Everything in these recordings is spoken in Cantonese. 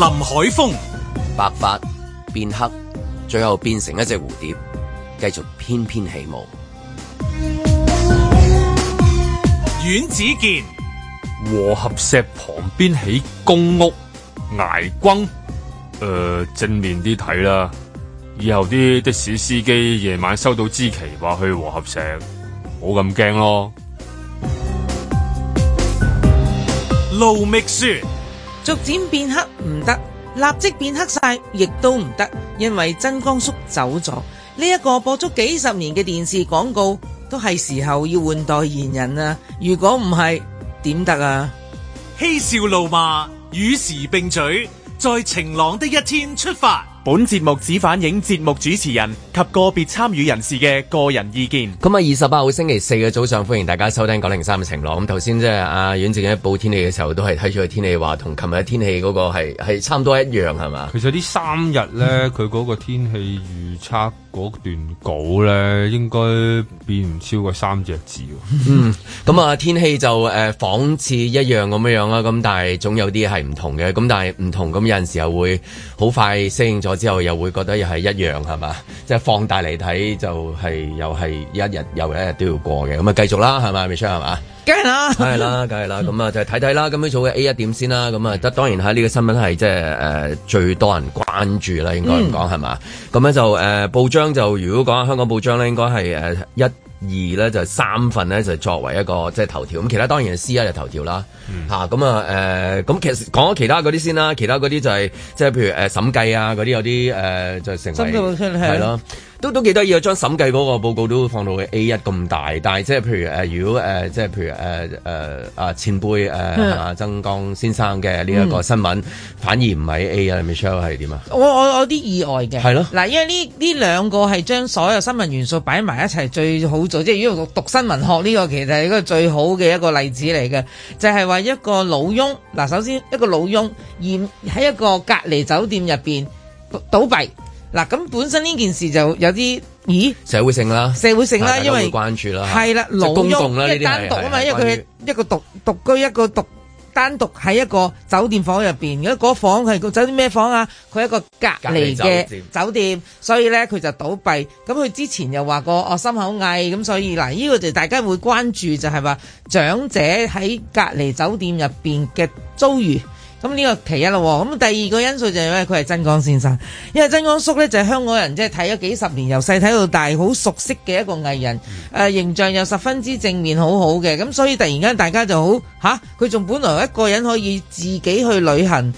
林海峰，白髮變黑，最後變成一隻蝴蝶，繼續翩翩起舞。阮子健，和合石旁邊起公屋，捱轟。誒、呃，正面啲睇啦，以後啲的士司機夜晚收到支旗，話去和合石，冇咁驚咯。盧覓雪。逐漸變黑唔得，立即變黑晒亦都唔得，因為曾江叔走咗。呢一個播足幾十年嘅電視廣告，都係時候要換代言人啦。如果唔係，點得啊？嬉笑怒罵與時並舉，在晴朗的一天出發。本節目只反映節目主持人及個別參與人士嘅個人意見。咁啊，二十八號星期四嘅早上，歡迎大家收聽九零三嘅晴朗。咁頭先即係阿阮正一報天氣嘅時候，都係睇咗個天氣話同琴日嘅天氣嗰個係係差唔多一樣，係嘛？其實呢三日咧，佢嗰個天氣預測。嗰段稿咧，應該變唔超過三隻字喎。 嗯，咁啊，天氣就誒、呃、仿似一樣咁樣啦。咁但係總有啲係唔同嘅。咁但係唔同，咁有陣時候會好快適應咗之後，又會覺得又係一樣，係嘛？即係放大嚟睇，就係、是、又係一日又一日都要過嘅。咁啊，繼續啦，係咪？未出係嘛？梗係啦，係啦，梗係啦，咁啊就睇睇啦，咁樣做嘅 A 一點先啦，咁啊，得當然喺呢個新聞係即係誒最多人關注啦，應該唔講係嘛，咁咧、嗯、就誒、呃、報章就如果講香港報章咧，應該係誒一二咧就三份咧就作為一個即係、就是、頭條，咁其他當然 C 一就頭條啦，嚇咁、嗯、啊誒咁、呃、其實講咗其他嗰啲先啦，其他嗰啲就係即係譬如誒審計啊嗰啲有啲誒、呃、就成為，係咯。都都幾得意啊！將審計嗰個報告都放到 A1 咁大，但係即係譬如誒，如果誒，即係譬如誒誒啊，前輩誒、呃、曾江先生嘅呢一個新聞，嗯、反而唔係 A1 啊，Michelle 係點啊？我我我啲意外嘅係咯，嗱的，因為呢呢兩個係將所有新聞元素擺埋一齊最好做，即係如果讀新聞學呢個其實係一個最好嘅一個例子嚟嘅，就係、是、話一個老翁嗱，首先一個老翁而喺一個隔離酒店入邊倒斃。嗱，咁本身呢件事就有啲，咦？社會性啦，社會性啦，因為關注啦，係為的啦，勞鬱即係單獨啊嘛，的因為佢一個獨獨居一個獨單獨喺一個酒店房入邊，如果嗰房係個酒店咩房啊？佢係一個隔離嘅酒店，酒店所以咧佢就倒閉。咁佢之前又話過哦心口翳，咁所以嗱，呢、嗯、個就大家會關注就係、是、話長者喺隔離酒店入邊嘅遭遇。咁呢個其一咯，咁第二個因素就係因為佢係曾江先生，因為曾江叔呢就係香港人即係睇咗幾十年，由細睇到大，好熟悉嘅一個藝人，誒、呃、形象又十分之正面，好好嘅，咁所以突然間大家就好，吓，佢、啊、仲本來一個人可以自己去旅行。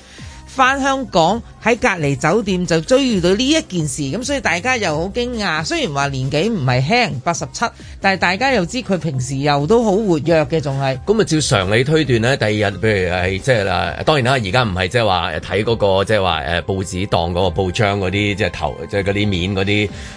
翻香港喺隔離酒店就遭遇到呢一件事，咁所以大家又好驚訝。雖然話年紀唔係輕，八十七，但係大家又知佢平時又都好活躍嘅，仲係。咁啊，照常理推斷咧，第二日譬如係即係啦，當然啦，而家唔係即係話睇嗰個即係話誒報紙檔嗰個報章嗰啲即係頭即係嗰啲面嗰啲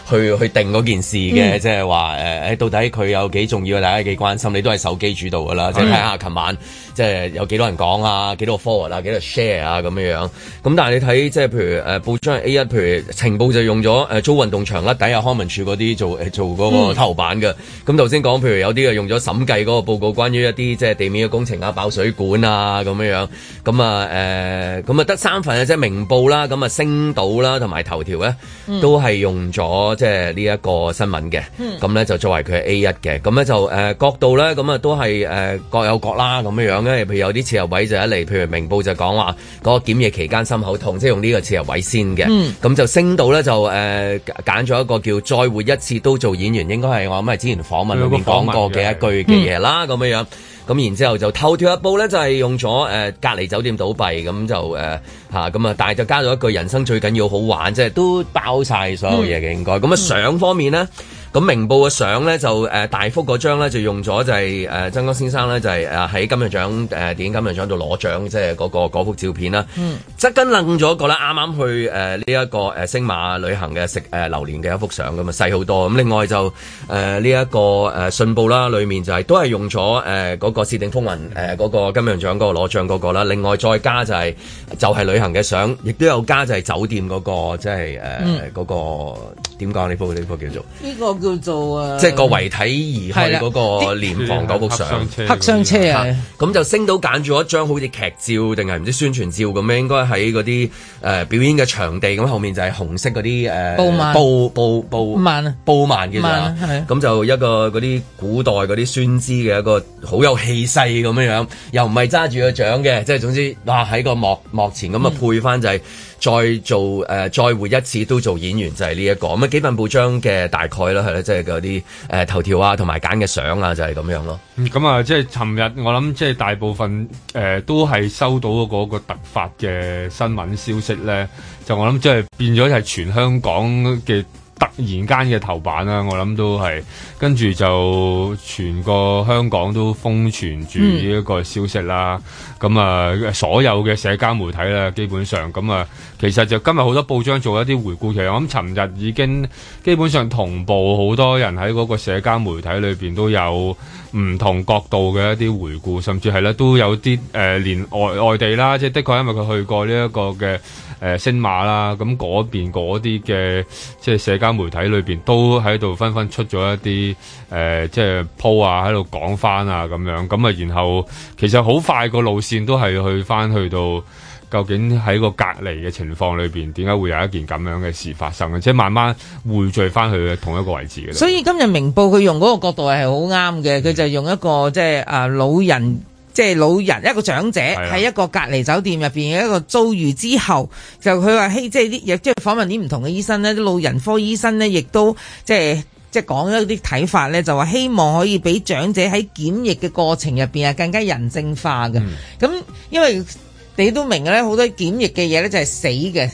去去定嗰件事嘅，即係話誒誒，到底佢有幾重要，大家幾關心，你都係手機主導噶啦，即係睇下琴晚。嗯即係有幾多人講啊，幾多個 follow 啊，幾多 share 啊咁樣樣，咁但係你睇即係譬如誒、呃、報章 A 一，譬如《晴報就用咗誒租運動場啦、啊，底下康文署啲做誒做個頭版嘅。咁頭先講譬如有啲啊用咗審計個報告關，關於一啲即係地面嘅工程啊、爆水管啊咁樣樣，咁啊誒咁啊得三份啊，即係明報啦，咁、嗯、啊《星島啦，同埋、嗯《頭條咧都係用咗即係呢一個新聞嘅。咁咧就作為佢 A 一嘅。咁咧就誒角度咧，咁啊都係誒各有各啦咁樣樣。咧，譬如有啲切入位就一嚟，譬如明報就講話，嗰個檢疫期間心口痛，即、就、係、是、用呢個切入位先嘅。咁、嗯、就升到咧就誒揀咗一個叫再活一次都做演員，應該係我諗係之前訪問裏邊講、嗯、過嘅一句嘅嘢啦，咁樣、嗯、樣。咁然之後就後跳一步咧，就係、是、用咗誒、呃、隔離酒店倒閉，咁就誒吓咁啊！但係就加咗一句人生最緊要好玩，即、就、係、是、都包晒所有嘢嘅應該。咁啊、嗯，相方面咧。嗯咁明報嘅相咧就誒、呃、大幅嗰張咧就用咗就係、是、誒、呃、曾江先生咧就係、是、喺金像獎誒電影金像獎度攞獎，即係嗰個嗰幅照片啦。嗯，側根愣咗一個啦，啱啱去誒呢一個誒星馬旅行嘅食誒榴蓮嘅一幅相咁啊細好多。咁另外就誒呢一個誒信報啦，裡面就係、是、都係用咗誒嗰個《竊聽風雲》誒、呃、嗰個金像獎嗰個攞獎嗰個啦。另外再加就係就係旅行嘅相，亦都有加就係酒店嗰、那個即係誒嗰個點講呢？幅呢幅叫做呢個。叫做啊，即係個遺體移開嗰個殮房嗰幅相黑，黑箱車啊，咁就星島揀住一張好似劇照定係唔知宣傳照咁樣，應該喺嗰啲誒表演嘅場地咁，後面就係紅色嗰啲誒布布布、啊、布幔布幔嘅咋，咁就一個嗰啲古代嗰啲宣資嘅一個好有氣勢咁樣樣，又唔係揸住個獎嘅，即係總之，哇喺個幕幕前咁啊配翻就係、是。嗯。再做誒、呃、再活一次都做演員就係呢一個咁啊，幾份報章嘅大概啦係啦，即係嗰啲誒頭條啊同埋揀嘅相啊就係、是、咁樣咯。咁啊即係尋日我諗即係大部分誒、呃、都係收到嗰個突發嘅新聞消息咧，就我諗即係變咗係全香港嘅。突然間嘅頭版啦，我諗都係跟住就全個香港都瘋傳住呢一個消息啦。咁、嗯、啊，所有嘅社交媒體咧，基本上咁啊，其實就今日好多報章做一啲回顧，其實我諗尋日已經基本上同步，好多人喺嗰個社交媒體裏邊都有唔同角度嘅一啲回顧，甚至係咧都有啲誒、呃，連外外地啦，即係的確因為佢去過呢一個嘅。誒、呃、星馬啦，咁、啊、嗰邊嗰啲嘅即係社交媒體裏邊都喺度紛紛出咗一啲誒、呃，即係 po 啊喺度講翻啊咁樣，咁啊然後其實好快個路線都係去翻去到究竟喺個隔離嘅情況裏邊點解會有一件咁樣嘅事發生嘅，即係慢慢匯聚翻去同一個位置嘅。所以今日明報佢用嗰個角度係好啱嘅，佢就用一個、嗯、即係啊老人。即係老人一個長者喺的一個隔離酒店入邊一個遭遇之後，就佢話：嘿，即係啲亦即係訪問啲唔同嘅醫生咧，啲老人科醫生呢，亦都即係即係講一啲睇法呢，就話希望可以俾長者喺檢疫嘅過程入邊係更加人性化嘅。咁、嗯、因為你都明咧，好多檢疫嘅嘢呢，就係死嘅。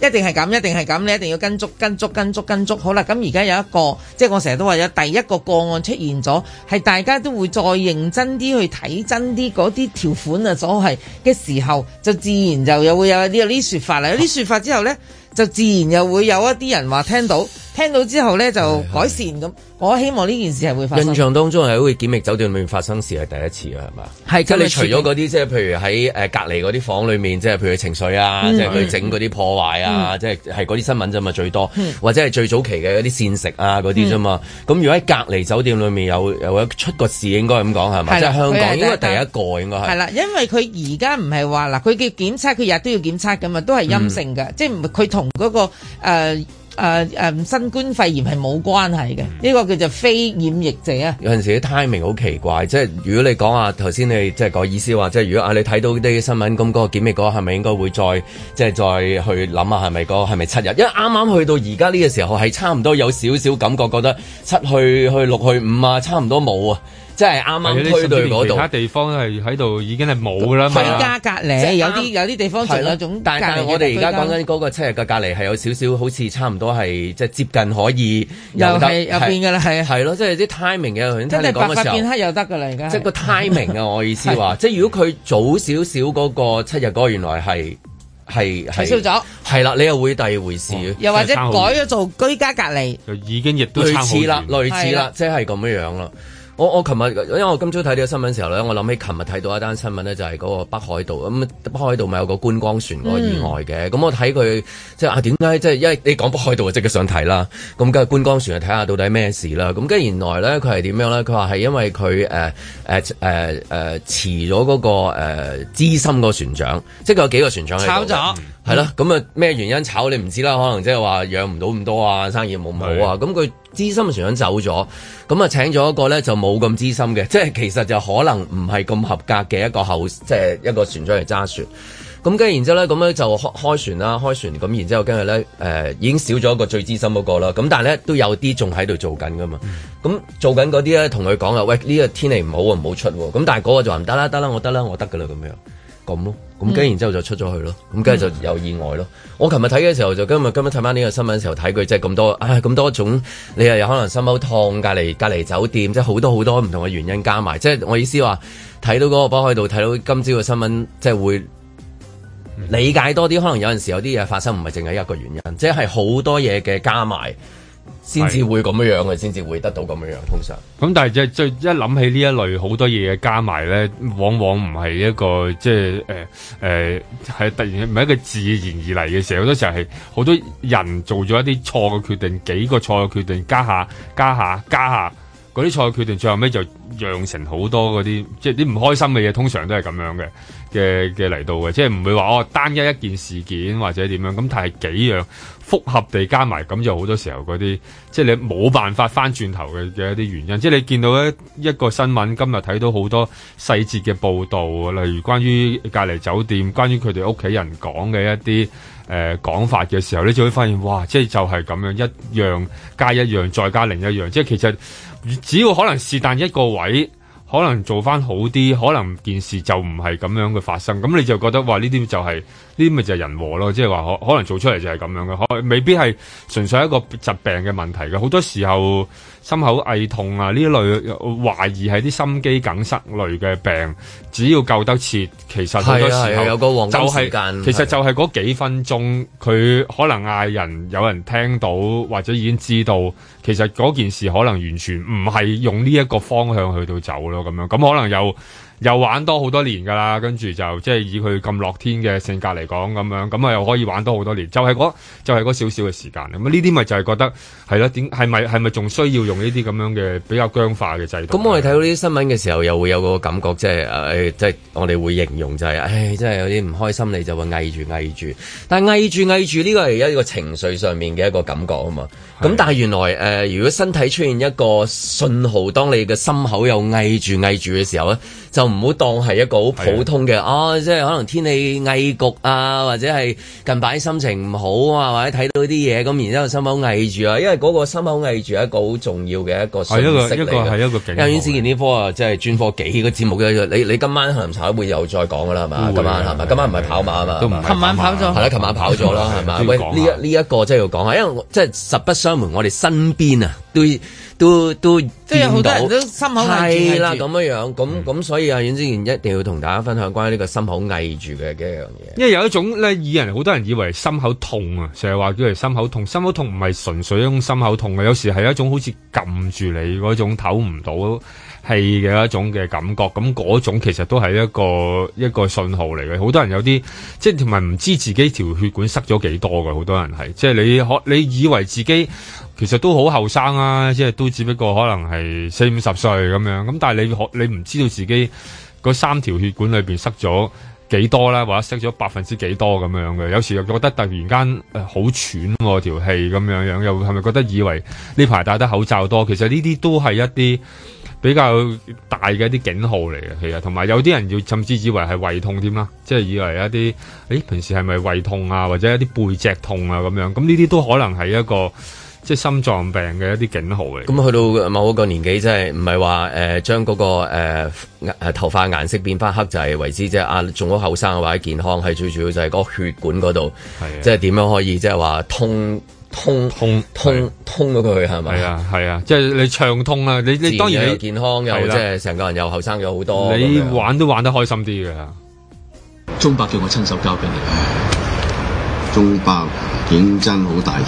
一定係咁，一定係咁，你一定要跟足、跟足、跟足、跟足，好啦。咁而家有一個，即係我成日都話有第一個個案出現咗，係大家都會再認真啲去睇真啲嗰啲條款啊，所謂嘅時候，就自然就又會有啲有啲說法啦。有啲說法之後呢，就自然又會有一啲人話聽到。聽到之後咧就改善咁，我希望呢件事係會發生。印象當中係喺檢疫酒店裏面發生事係第一次啊，係嘛？係即係你除咗嗰啲，即係譬如喺誒隔離嗰啲房裏面，即係譬如情緒啊，即係佢整嗰啲破壞啊，即係係嗰啲新聞啫嘛，最多或者係最早期嘅一啲膳食啊嗰啲啫嘛。咁如果喺隔離酒店裏面有有出過事，應該咁講係嘛？即係香港應該第一個應該係。係啦，因為佢而家唔係話嗱，佢叫檢測佢日都要檢測噶嘛，都係陰性嘅，即係唔佢同嗰個誒誒、呃，新冠肺炎係冇關係嘅，呢、這個叫做非染疫症。啊。有陣時啲 timing 好奇怪，即係如果你講下頭先你即係講意思話，即係如果啊你睇到啲新聞，咁、那、嗰個檢疫嗰個係咪應該會再即係再去諗下係咪、那個係咪七日？因為啱啱去到而家呢個時候係差唔多有少少感覺，覺得七去去六去五啊，差唔多冇啊。即係啱啱區內嗰度，其他地方係喺度已經係冇㗎啦嘛。居家隔離，即係有啲有啲地方仲有種，但係我哋而家講緊嗰個七日嘅隔離係有少少好似差唔多係即係接近可以，又係又變㗎啦，係係咯，即係啲 timing 嘅。真係、就是、白嘅變黑又得㗎啦，而家即係個 timing 啊！我意思話， 即係如果佢早少少嗰個七日嗰個原來係係取消咗，係啦，你又會第二回事，又或者改咗做居家隔離，就已經亦都類似啦，類似啦，類似的即係咁樣樣咯。我我琴日，因為我今朝睇呢個新聞嘅時候咧，我諗起琴日睇到一單新聞咧，就係、是、嗰個北海道咁，北海道咪有個觀光船個意外嘅。咁、嗯、我睇佢即係啊，點解即係因為你講北海道就即刻想睇啦。咁梗係觀光船啊，睇下到底咩事啦。咁跟住原來咧，佢係點樣咧？佢話係因為佢誒誒誒誒辭咗嗰個誒、呃、資深個船長，即係有幾個船長炒咗了，係咯。咁啊咩原因炒你唔知啦？可能即係話養唔到咁多啊，生意冇咁好啊。咁佢的。資深船長走咗，咁啊請咗一個咧就冇咁資深嘅，即係其實就可能唔係咁合格嘅一個後，即係一個船長嚟揸船。咁跟住然之後咧，咁樣就開開船啦，開船咁然之後跟住咧，誒、呃、已經少咗一個最資深嗰個啦。咁但係咧都有啲仲喺度做緊噶嘛。咁、嗯、做緊嗰啲咧，同佢講啊，喂，呢個天氣唔好啊，唔好出。咁但係嗰個就話唔得啦，得啦，我得啦，我得噶啦，咁樣咁咯。咁跟住，嗯、然之後就出咗去咯。咁跟住就有意外咯。嗯、我琴日睇嘅時候，就今日今日睇翻呢個新聞嘅時候，睇佢即係咁多，唉，咁多種，你又有可能心口痛，隔離隔離酒店，即係好多好多唔同嘅原因加埋。即係我意思話，睇到嗰個波喺度，睇到今朝嘅新聞，即係會理解多啲。可能有陣時有啲嘢發生唔係淨係一個原因，即係好多嘢嘅加埋。先至會咁樣樣嘅，先至的會得到咁樣樣。通常咁、嗯，但係即係最一諗起呢一類好多嘢加埋咧，往往唔係一個即係誒誒，係、呃呃、突然唔係一個自然而嚟嘅時候，好多時候係好多人做咗一啲錯嘅決定，幾個錯嘅決定加下加下加下嗰啲錯嘅決定，決定最後尾就釀成好多嗰啲即係啲唔開心嘅嘢。通常都係咁樣嘅嘅嘅嚟到嘅，即係唔會話哦單一一件事件或者點樣咁，但係幾樣。複合地加埋，咁就好多時候嗰啲，即係你冇辦法翻轉頭嘅嘅一啲原因。即係你見到一一個新聞，今日睇到好多細節嘅報導，例如關於隔離酒店，關於佢哋屋企人講嘅一啲誒、呃、講法嘅時候，你就會發現，哇！即係就係咁樣一樣加一樣，再加另一樣。即係其實只要可能是但一個位可能做翻好啲，可能件事就唔係咁樣嘅發生。咁你就覺得，哇！呢啲就係、是。呢啲咪就係人和咯，即係話可可能做出嚟就係咁樣嘅，可未必係純粹一個疾病嘅問題嘅。好多時候心口脹痛啊，呢類懷疑係啲心肌梗塞類嘅病，只要救得切，其實好多時候、啊啊、有個黃金時間就係、係、其實就係嗰幾分鐘，佢、啊、可能嗌人有人聽到或者已經知道，其實嗰件事可能完全唔係用呢一個方向去到走咯，咁樣咁可能有。又玩多好多年噶啦，跟住就即係以佢咁樂天嘅性格嚟講咁樣，咁啊又可以玩多好多年，就係、是、嗰就係少少嘅時間。咁呢啲咪就係覺得係咯？點係咪係咪仲需要用呢啲咁樣嘅比較僵化嘅制度？咁我哋睇到呢啲新聞嘅時候，又會有個感覺，即係誒，即、哎、係、就是、我哋會形容就係、是，唉、哎，真係有啲唔開心，你就會翳住翳住。但係翳住翳住呢個係一個情緒上面嘅一個感覺啊嘛。咁是但係原來誒、呃，如果身體出現一個信號，當你嘅心口又翳住翳住嘅時候咧。就唔好當係一個好普通嘅哦，即係可能天氣翳焗啊，或者係近排心情唔好啊，或者睇到啲嘢咁，然之後心口翳住啊，因為嗰個心口翳住係一個好重要嘅一個信息嚟嘅。一個係一個警。因為呢科啊，即係專科幾個節目嘅，你你今晚下午會又再講噶啦，係嘛？今晚係嘛？今晚唔係跑馬啊嘛。都唔係。琴晚跑咗。係啦，琴晚跑咗啦，係嘛？喂，呢一呢一個即係要講下，因為即係實不相瞞，我哋身邊啊對。都都都，好多人都心口翳啦，咁樣的住樣，咁咁、嗯，所以阿尹志賢一定要同大家分享關於呢個心口翳住嘅嘅一樣嘢。因為有一種咧，以人好多人以為心口痛啊，成日話叫人心口痛，心口痛唔係純粹一種心口痛嘅，有時係一種好似撳住你嗰種透唔到氣嘅一種嘅感覺。咁嗰種其實都係一個一個信號嚟嘅。好多人有啲即係同埋唔知自己條血管塞咗幾多嘅，好多人係即係你可你以為自己。其實都好後生啊，即係都只不過可能係四五十歲咁樣咁，但係你你唔知道自己嗰三條血管裏邊塞咗幾多啦，或者塞咗百分之幾多咁樣嘅。有時又覺得突然間好、呃、喘喎、啊，條氣咁樣樣，又係咪覺得以為呢排戴得口罩多？其實呢啲都係一啲比較大嘅一啲警號嚟嘅。其實同埋有啲人要甚至以為係胃痛添啦，即係以為一啲誒平時係咪胃痛啊，或者一啲背脊痛啊咁樣咁，呢啲都可能係一個。即係心臟病嘅一啲警號嘅。咁去到某一個年紀，即係唔係話誒將嗰、那個誒誒、呃、頭髮顏色變翻黑就係、是、為之啫。啊，仲好後生嘅話，或者健康係最主要就係嗰個血管嗰度，是啊、即係點樣可以即係話通通通通通咗佢係咪？係啊係啊，即係、啊就是、你暢通啊，你你，然你，你當然健康又是、啊、即係成個人又後生咗好多。你玩都玩得開心啲嘅。中伯叫我親手交俾你。中伯認真，真好大意。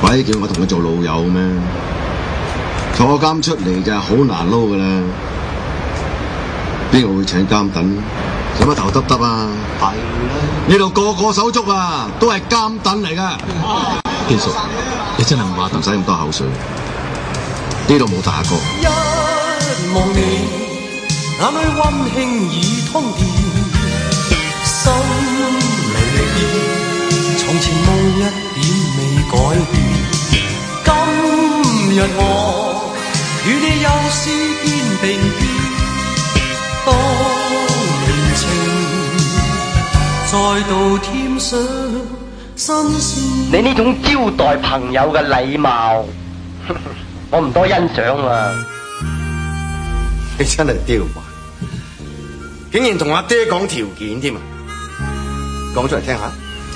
鬼叫我同佢做老友咩？坐監出嚟就好難撈噶啦，邊個會請監躉？使乜頭耷耷啊？係呢度個個手足啊，都係監躉嚟噶。堅叔、啊，屬你真係唔話頭，使咁多口水。呢度冇打過一夢、嗯、一望你，眼裏溫馨而通電，心裏邊從前夢一點未改變。我當年情，再度添上新。你呢種招待朋友嘅禮貌， 我唔多欣賞啦。你真係刁話，竟然同阿爹講條件添啊！講出嚟聽，聽下。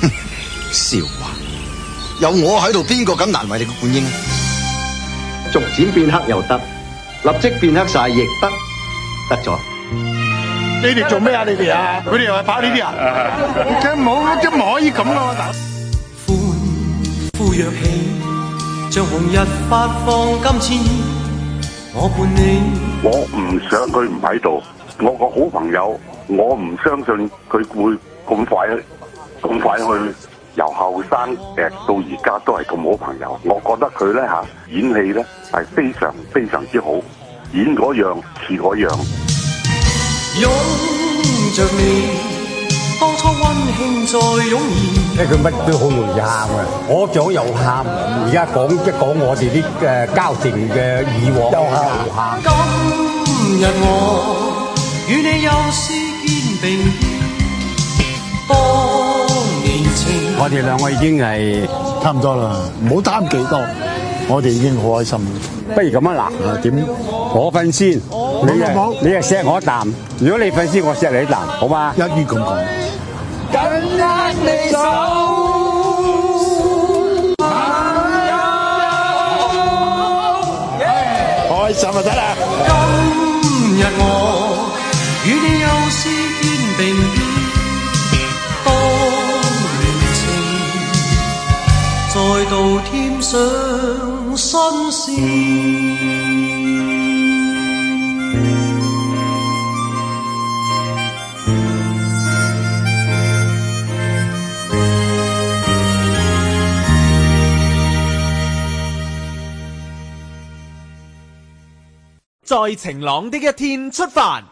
笑話，有我喺度，邊個敢難為你個本軍啊？逐漸變黑又得，立即變黑晒亦得，得咗。你哋做咩啊？你哋啊？佢哋又係怕呢啲人，嘅冇、啊，一、啊、唔、啊、可以咁咯。啊、我我伴你。我唔想佢唔喺度，我個好朋友，我唔相信佢會咁快，咁快去。由後生誒到而家都係咁好朋友，我覺得佢咧嚇演戲咧係非常非常之好，演嗰樣似嗰樣。誒佢乜都好容易喊嘅，我想又喊，而家講一講、就係、我哋啲誒交情嘅以往又喊。我哋兩個已經係差唔多啦，唔好貪幾多，我哋已經好開心。不如咁啊嗱，點、嗯、我瞓先，你啊你啊錫我啖，如果你瞓先我錫你啖，好嘛？一於咁講，開心就得啦。在晴朗的一天出發。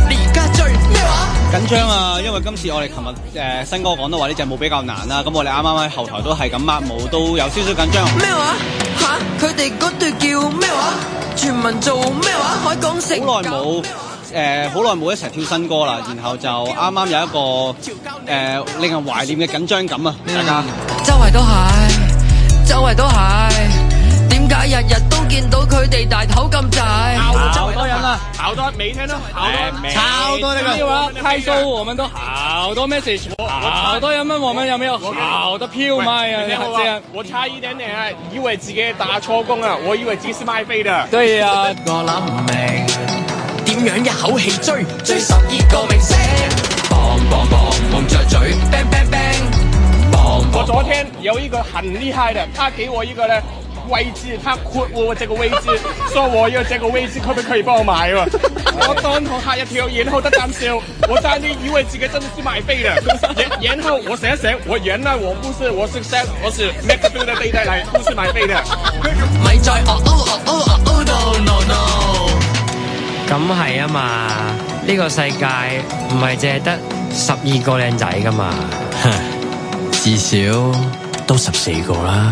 緊張啊，因為今次我哋琴日誒、呃、新歌講到話呢隻舞比較難啦、啊，咁我哋啱啱喺後台都係咁 mark 舞，都有少少緊張、啊。咩話？吓？佢哋嗰隊叫咩話？全民做咩話？海港城。好耐冇誒，好耐冇一齊跳新歌啦，然後就啱啱有一個誒、呃、令人懷念嘅緊張感啊，大家。周圍都係，周圍都係。日日都見到佢哋大口咁滯，好炒 炒 多人啊，好多美聽咯，好多超多你個，開 show 我們都好多 message，好多人我問有冇有，好多票賣啊！你好啊，樣我差一點點，以為自己打錯工啊，我以為自己是賣飛啦。對啊。位置，他括我這個位置，說我要這個位置，可唔可以幫我買啊？我當堂吓一跳，然後我啖笑，我當時以為自己真是賣飛的，然然後我醒一醒，我原來我不是，我是 success，我是 makeful 的弟弟嚟，不是賣飛的。咪再哦哦哦哦哦！No 哦，no no！咁係啊嘛，呢個世界唔係淨係得十二個靚仔噶嘛，至少都十四個啦。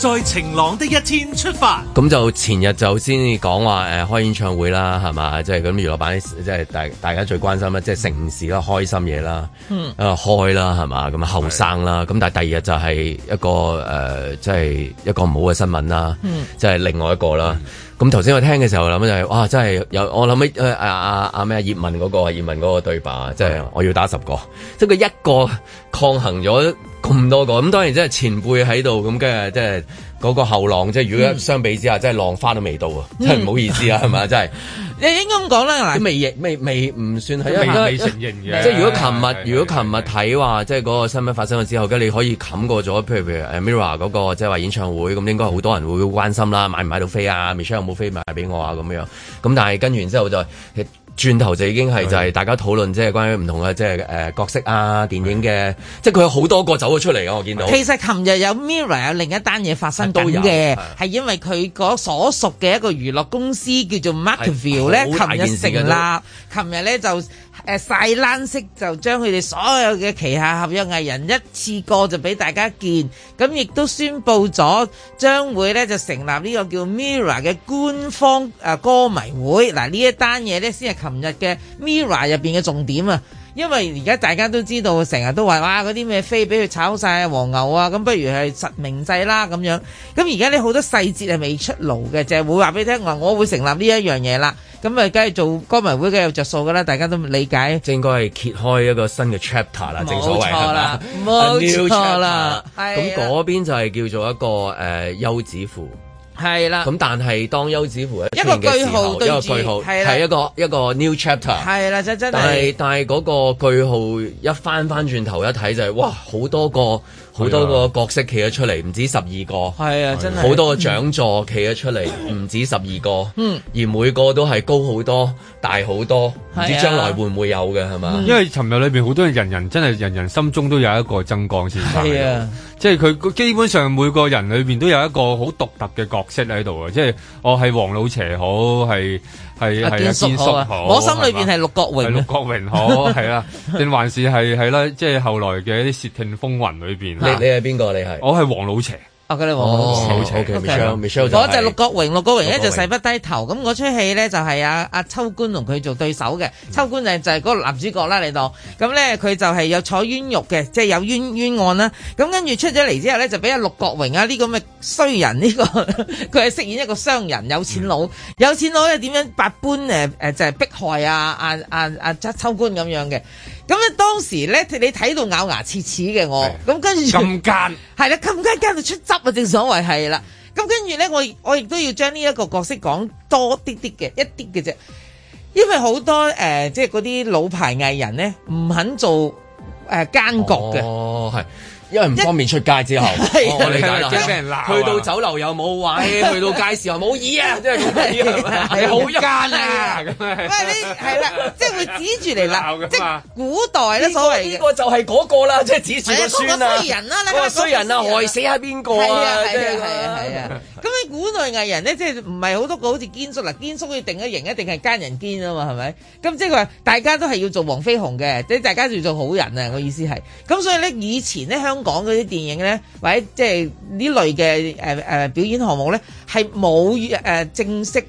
在晴朗的一天出發，咁就前日就先講話誒開演唱會啦，係嘛？即係咁娛樂版，即係大大家最關心啦，即係城市啦，開心嘢啦，嗯、mm. 呃，開啦，係嘛？咁後生啦，咁、mm. 但係第二日就係一個誒，即係一個唔好嘅新聞啦，即係、mm. 另外一個啦。咁頭先我聽嘅時候諗就係哇，真係有我諗起啊啊啊咩？葉問嗰個葉問嗰個對白，即係我要打十個，即係佢一個抗衡咗。咁多個咁當然即係前輩喺度咁，跟係即係嗰個後浪。即係如果相比之下，即係、嗯、浪花都未到啊！真係唔好意思啊，係咪、嗯？真係，你應該咁講啦。嗱沒，未亦未未唔算係，應該即係如果琴日是是是是如果琴日睇話，即係嗰個新聞發生咗之後，你可以冚過咗。譬如譬如 Mirror 嗰、那個即係話演唱會，咁應該好多人會關心啦，買唔買到飛啊？Michelle 有冇飛買俾我啊？咁樣咁，但係跟完之後就。轉頭就已經係就係大家討論，即係關於唔同嘅即係誒角色啊，是的 電影嘅，是的 即係佢有好多個走咗出嚟嘅，我見到。其實琴日有 Mirror 有另一單嘢發生到嘅，係因為佢嗰所屬嘅一個娛樂公司叫做 MakerVille 咧，琴日成立，琴日咧就。誒，晒冷色就將佢哋所有嘅旗下合約藝人一次過就俾大家見，咁亦都宣布咗將會咧就成立呢個叫 Mirror 嘅官方誒歌迷會。嗱，呢一單嘢咧先係琴日嘅 Mirror 入邊嘅重點啊！因為而家大家都知道，成日都話哇嗰啲咩飛俾佢炒曬黃牛啊，咁不如係實名制啦咁樣。咁而家咧好多細節係未出爐嘅，就係會話俾你聽我我會成立呢一樣嘢啦。咁啊，梗係做歌迷會梗有著數嘅啦，大家都理解。正應該係揭開一個新嘅 chapter 啦，正所謂係嘛？冇錯啦，咁嗰、啊、邊就係叫做一個誒、呃、休止符。係啦，咁但係當休止符一個句號，一個句號係的一個一個 new chapter，係啦，真真係，但係但係嗰個句號一翻翻轉頭一睇就係、是、哇，好多個。好多個角色企咗出嚟，唔止十二個。係啊，真係好多個獎座企咗出嚟，唔止十二個。嗯，而每個都係高好多、大好多。唔知將來會唔會有嘅係嘛？因為尋日裏邊好多人人真係人人心中都有一個增光先生。係啊，即係佢基本上每個人裏邊都有一個好獨特嘅角色喺度啊！即係我係黃老邪好係。係啊，邊的叔好？我心裏面係陸國榮，陸國榮好係啦，定 還是係係啦？即係後來嘅啲《竊聽風雲》裏邊， 你你係邊個？你係我係王老邪。我嘅咧，我、oh, okay. Okay. 就陸國榮，陸國榮咧就誓不低頭。咁嗰出戲咧就係阿阿秋官同佢做對手嘅，秋官就就係嗰個男主角啦，你當。咁咧佢就係有坐冤獄嘅，即係有冤冤案啦。咁跟住出咗嚟之後咧，就俾阿陸國榮啊呢個嘅衰人呢個，佢係飾演一個商人，有錢佬，有錢佬咧點樣百般誒誒就係迫害啊啊啊啊秋官咁樣嘅。咁咧當時咧，你睇到咬牙切齒嘅我，咁的跟住咁奸，係啦奸，咁奸奸哋出汁啊，正所謂係啦。咁跟住咧，我我亦都要將呢一個角色講多啲啲嘅，一啲嘅啫。因為好多誒，即係嗰啲老牌藝人咧，唔肯做誒奸角嘅。呃、哦，係。因為唔方便出街之後，我理解俾人鬧啦。去到酒樓又冇位，去到街市又冇椅啊！真係好奸啊！喂，你係啦，即係會指住嚟鬧。即古代咧，所謂呢個就係嗰個啦，即係指住個孫啊！衰人啦，衰人啦，害死係邊個啊？係啊係啊係啊！咁喺古代藝人咧，即係唔係好多個好似堅叔嗱？堅叔要定一型一定係奸人堅啊嘛？係咪？咁即係話大家都係要做黃飛鴻嘅，即係大家要做好人啊！我意思係。咁所以咧，以前咧香。講嗰啲電影呢，或者即係呢類嘅誒誒表演項目呢，係冇誒正式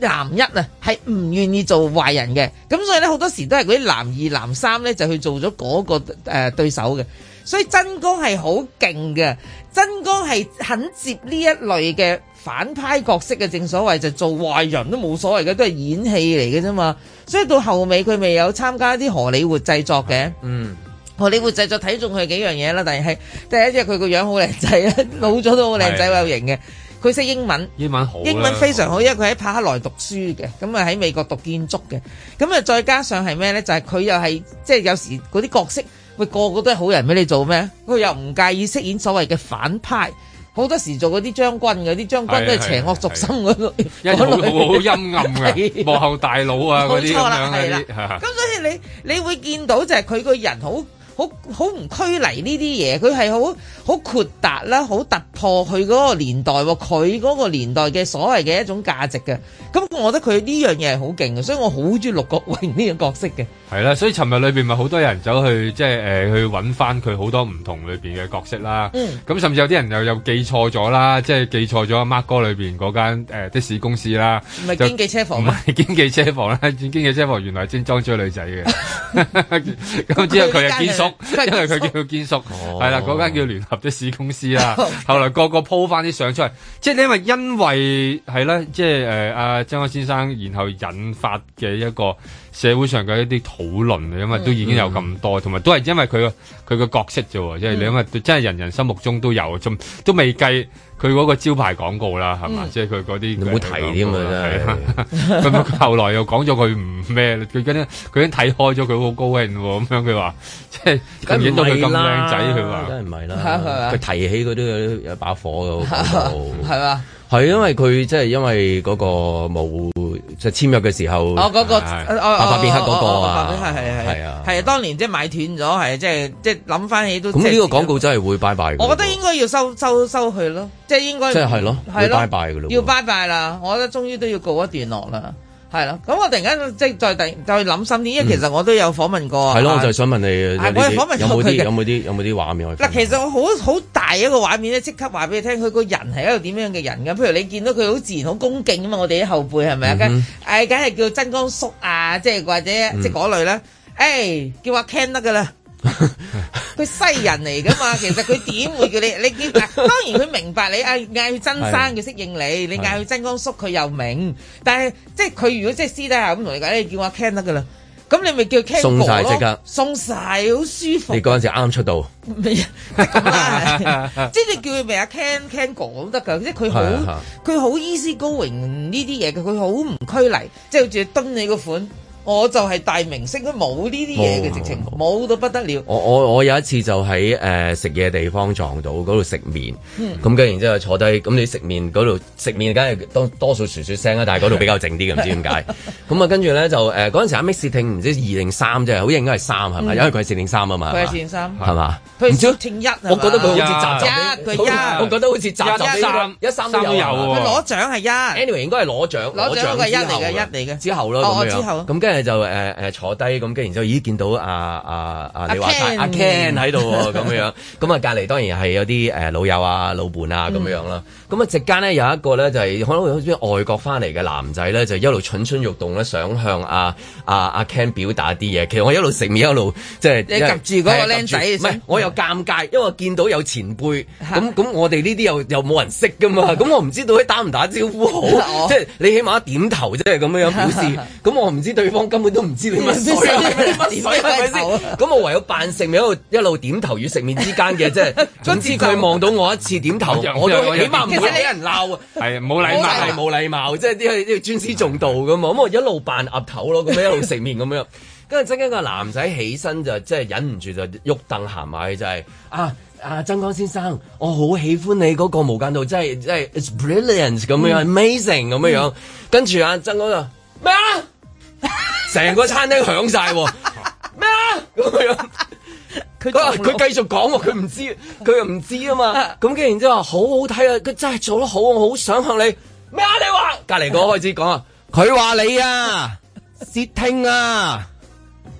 男一啊，係唔願意做壞人嘅。咁所以呢，好多時都係嗰啲男二、男三呢，就去做咗嗰、嗰個誒、呃、對手嘅。所以真哥係好勁嘅，真哥係肯接呢一類嘅反派角色嘅。正所謂就做壞人都冇所謂嘅，都係演戲嚟嘅啫嘛。所以到後尾佢未有參加啲荷里活製作嘅。嗯。你會製作睇中佢幾樣嘢啦，但係第一即佢個樣好靚仔啊，老咗都好靚仔，有型嘅。佢識英文，英文好，英文非常好，因為佢喺帕克萊讀書嘅，咁啊喺美國讀建築嘅，咁啊再加上係咩咧？就係佢又係即係有時嗰啲角色，喂個個都係好人畀你做咩？佢又唔介意飾演所謂嘅反派，好多時做嗰啲將軍嘅，啲將軍都係邪惡軸心嗰類，一路好陰暗嘅幕後大佬啊嗰啲咁樣嗰啲。咁所以你你會見到就係佢個人好。好好唔拘泥呢啲嘢，佢係好好豁達啦，好突破佢嗰個年代，佢嗰個年代嘅所謂嘅一種價值嘅。咁、嗯、我覺得佢呢樣嘢係好勁嘅，所以我好中意陸國榮呢個角色嘅。係啦，所以尋日裏邊咪好多人走去即係誒、呃、去揾翻佢好多唔同裏邊嘅角色啦。嗯。咁甚至有啲人又又記錯咗啦，即係記錯咗 Mark 哥裏邊嗰間誒的、呃、士公司啦。唔係經紀車房，唔係經紀車房啦， 經紀車房原來係精裝咗女仔嘅。咁 之後佢又 因為佢叫堅叔，係啦、哦，嗰間叫聯合的士公司啦。 後來個個鋪翻啲相出嚟，即係你因為因為係咧，即係誒阿張安先生，然後引發嘅一個社會上嘅一啲討論，嗯、因為都已經有咁多，同埋、嗯、都係因為佢個佢個角色啫，即係、嗯、你因為真係人人心目中都有，仲都未計。佢嗰個招牌廣告啦，係嘛？即係佢嗰啲冇提添㗎真係。咁啊，佢後來又講咗佢唔咩，佢已經佢已經睇開咗，佢好高興喎。咁樣佢話，即係影到佢咁靚仔，佢話真係唔係啦。佢提起佢都有把火㗎，係嘛？係因為佢即係因為嗰個冇即係簽約嘅時候，哦嗰個白髮變黑嗰個啊，係係啊，係啊，當年即係買斷咗，係即係即係諗翻起都呢個廣告真係會拜拜。我覺得應該要收收收佢咯。即係應該，即係係咯，要拜拜噶咯，要拜拜啦！我覺得終於都要告一段落啦，係啦。咁我突然間即係再第再諗深啲，因為其實我都有訪問過。係咯，我就想問你，有冇啲有冇啲有冇啲畫面？嗱，其實我好好大一個畫面咧，即刻話俾你聽，佢個人係一個點樣嘅人噶。譬如你見到佢好自然、好恭敬啊嘛，我哋啲後輩係咪啊？誒，梗係叫曾江叔啊，即係或者即係嗰類啦。誒，叫阿 Ken 得噶啦。佢西人嚟噶嘛？其實佢點會叫你？你叫嗱，當然佢明白你。啊，嗌佢真生，佢適應你；的你嗌佢真光叔，佢又明。但係即係佢如果即係私底下咁同你講，你叫阿 Ken 得噶啦。咁你咪叫 Ken，鬆曬即刻，鬆曬好舒服。你嗰陣時啱出道？未啊， 即係你叫佢咪阿 Ken，Ken Ken 哥都得噶。即係佢好，佢好 easygoing 呢啲嘢，佢好唔拘泥，即係好似登你個款。我就係大明星都冇呢啲嘢嘅，直情冇到不得了。我我我有一次就喺誒食嘢地方撞到嗰度食麵，咁跟住然之後坐低，咁你食麵嗰度食麵，梗係多多數噓噓聲啦，但係嗰度比較靜啲嘅，唔知點解。咁啊跟住咧就誒嗰陣時阿 Mixing 唔知二零三啫，好應該係三係咪？因為佢係四零三啊嘛。佢係四零三，係嘛？唔知一，我覺得佢好似集集我覺得好似集集三，一三都有喎。佢攞獎係一，anyway 應該係攞獎，攞獎嗰個一嚟嘅一嚟嘅之後咯咁樣。就誒誒、呃、坐低咁，跟住然之後咦見到阿阿阿你話阿 Ken 喺度喎，咁、嗯啊、樣樣咁啊隔籬當然係有啲誒、呃、老友啊老伴啊咁樣、嗯、樣啦。咁啊席間咧有一個咧就係可能好似外國翻嚟嘅男仔咧，就一路蠢蠢欲動咧，想向阿阿阿 Ken 表達啲嘢。其實我一路食麵一路即係你夾住嗰個僆仔，唔係、sí，我又尷尬，因為我見到有前輩咁咁，我哋呢啲又又冇人識噶嘛，咁我唔知到底打唔打招呼好，即係你起碼點頭即係咁樣表示。咁我唔知對方。根本都唔知你乜水，係咪先？咁我唯有扮食麵，一路一路點頭與食麵之間嘅，即係總之，佢望到我一次點頭，我都起碼唔會俾人鬧啊！係冇禮貌係冇禮貌，即係啲啲尊師重道咁啊！咁我一路扮岌頭咯，咁樣一路食麵咁樣，跟住即刻個男仔起身就即係忍唔住就喐凳行埋去，就係啊啊曾江先生，我好喜歡你嗰個無間道，真係真係 it's brilliant 咁樣，amazing 咁樣，跟住阿曾江就咩啊？成個餐廳響晒，咩 麼啊？佢佢繼續講喎，佢唔知，佢又唔知啊嘛。咁、 啊、既然之後好好睇啊，佢真係做得好，我好想向你咩啊？你話 隔籬嗰個開始講啊，佢話你啊 setting 啊，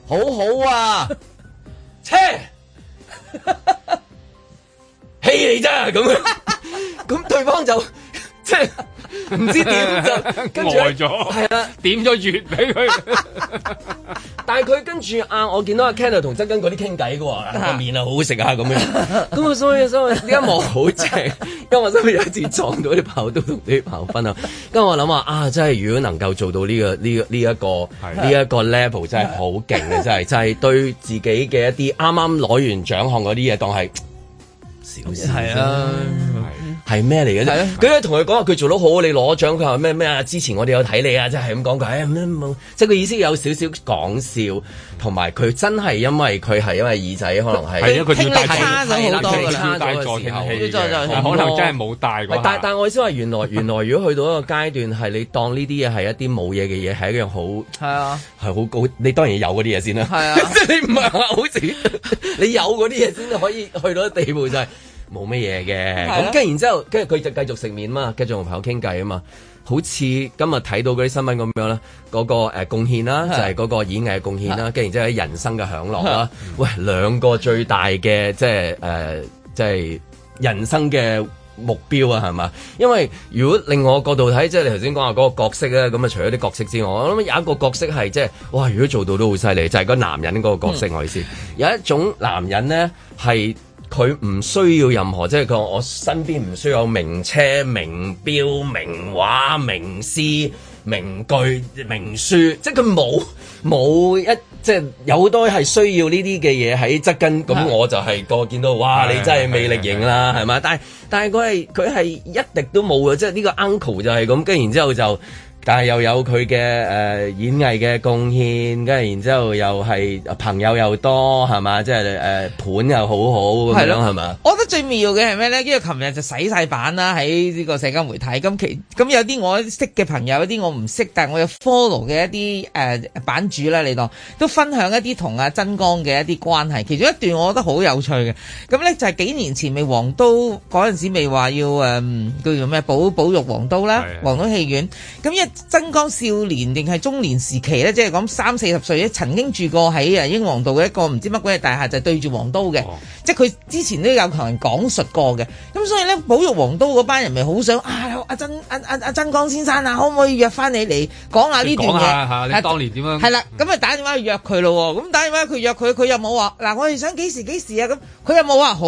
好好啊，切，氣你咋咁？咁 對方就即係。唔知點就呆咗，係啦，點咗穴俾佢。但係佢跟住啊，我見到阿 Ken 啊同真根嗰啲傾偈嘅喎，個麵啊好好食啊咁樣。咁所以所以，依家望好正。今日真係有一次撞到啲朋友，都同啲朋友分享啊。咁我諗啊，啊真係如果能夠做到呢個呢呢一個呢一個 level，真係好勁嘅，真係就係對自己嘅一啲啱啱攞完獎項嗰啲嘢當係，係啦。係咩嚟嘅啫？佢同佢講話佢做得好，你攞獎。佢話咩咩啊？之前我哋有睇你啊，即係咁講佢哎即係佢意思有少少講笑，同埋佢真係因為佢係因為耳仔可能係。係啊，佢要戴。戴助聽器，可能真係冇帶過。但但我意思話原來原來如果去到一個階段係你當呢啲嘢係一啲冇嘢嘅嘢係一樣好係啊，係好高。你當然有嗰啲嘢先啦。係啊，即係你唔係話好似你有嗰啲嘢先可以去到地步就係。冇乜嘢嘅，咁跟住然之後，跟住佢就繼續食麵嘛，繼續同朋友傾偈啊嘛。好似今日睇到嗰啲新聞咁樣啦，嗰、那個誒、呃、貢獻啦，就係、是、嗰個演藝嘅貢獻啦。跟住然之後喺人生嘅享樂啦，的喂，兩個最大嘅即係誒，即、呃、係、就是、人生嘅目標啊，係嘛？因為如果另外角度睇，即係你頭先講話嗰個角色咧，咁啊，除咗啲角色之外，我諗有一個角色係即係，哇！如果做到都好犀利，就係、是、個男人嗰個角色，嗯、我意思有一種男人呢，係。佢唔需要任何，即係講我身邊唔需要有名車、名表、名畫、名詩、名句、名書，即係佢冇冇一，即係有好多係需要呢啲嘅嘢喺側根，咁的我就係個見到，哇！的你真係魅力型啦，係嘛？但係但係佢係佢係一滴都冇嘅，即係呢個 uncle 就係咁，跟然之後就。但係又有佢嘅誒演藝嘅貢獻，跟住然之後又係朋友又多係嘛，即係誒、呃、盤又好好咁、哦、樣係嘛？我覺得最妙嘅係咩咧？因為琴日就洗晒版啦，喺呢個社交媒體咁其咁有啲我識嘅朋友，有啲我唔識，但係我有 follow 嘅一啲誒、呃、版主啦，你當都分享一啲同阿曾剛嘅一啲關係。其中一段我覺得好有趣嘅，咁咧就係幾年前未黃都嗰陣時未話要誒、嗯、叫做咩保保育黃都啦，黃都戲院咁的一。曾江少年定係中年時期咧，即係講三四十歲咧，曾經住過喺啊英皇道嘅一個唔知乜鬼嘢大廈，就是、對住皇都嘅，哦、即係佢之前都有同人講述過嘅。咁所以咧，保育皇都嗰班人咪好想啊阿阿阿阿曾江先生啊，可唔可以約翻你嚟講下呢段嘢？講下吓，你、當年點樣？係啦、啊，咁咪、嗯嗯、打電話去約佢咯，咁打電話佢約佢，佢又冇話嗱，我哋想幾時幾時，時啊，咁佢又冇話好，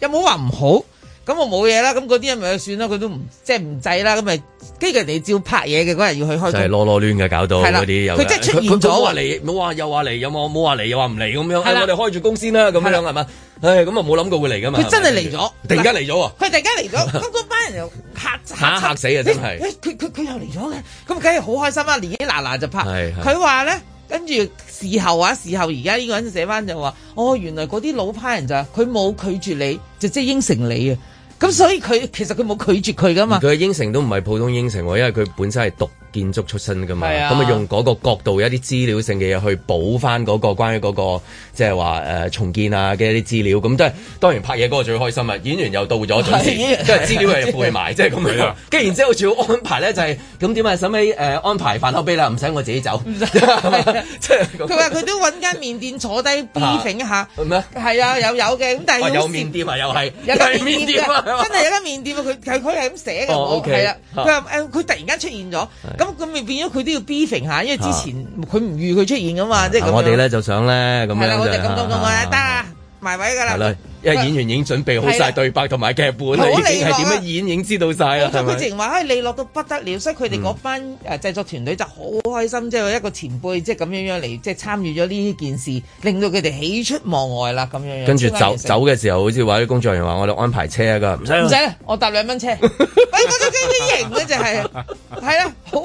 又冇話唔好。咁我冇嘢啦，咁嗰啲人咪算啦，佢都唔即係唔制啦，咁咪跟住人哋照拍嘢嘅，嗰日要去開。真係囉囉攣嘅，搞到啲佢即係出現咗喎，你冇話又話嚟，有冇冇話嚟又話唔嚟咁樣。係我哋開住公司啦，咁樣係咪？唉，咁啊冇諗過會嚟噶嘛。佢真係嚟咗，突然間嚟咗喎。佢突然間嚟咗，咁嗰班人又嚇嚇嚇死啊！真係，佢佢佢又嚟咗嘅，咁梗係好開心啦，年紀嗱嗱就拍。佢話咧，跟住事後啊，事後而家呢個人寫翻就話，哦，原來嗰啲老派人就係佢冇拒絕你，你。就即係應承你咁所以佢其實佢冇拒絕佢噶嘛，佢嘅應承都唔係普通應承，因為佢本身係讀建築出身噶嘛，咁是啊用嗰個角度一啲資料性嘅嘢去補翻嗰個關於嗰個。即係話誒重建啊嘅一啲資料，咁都係當然拍嘢嗰個最開心啊！演員又到咗，即係資料係背埋，即係咁樣。跟然之後，仲要安排咧就係咁點啊？使咪誒安排範阿飛啦，唔使我自己走，即係。佢話佢都揾間麵店坐低 briefing 一下，係啊，有有嘅咁。但係有麵店啊，又係有間麵店啊，真係有間麵店啊！佢佢佢係咁寫嘅，佢話佢突然間出現咗，咁咁咪變咗佢都要 briefing 下，因為之前佢唔預佢出現㗎嘛，即係我哋咧就想咧咁就咁咁咁，我得埋位噶啦。因為演員已經準備好晒對白同埋劇本，已經係點樣演，已經知道晒啦。佢直情話：，哎，利落到不得了！所以佢哋嗰班誒製作團隊就好開心，即係一個前輩，即係咁樣樣嚟，即係參與咗呢件事，令到佢哋喜出望外啦。咁樣，跟住走走嘅時候，好似話啲工作人員話：，我哋安排車噶，唔使唔使，我搭兩蚊車。哎，嗰張張啲型嘅就係啊，係啦，好。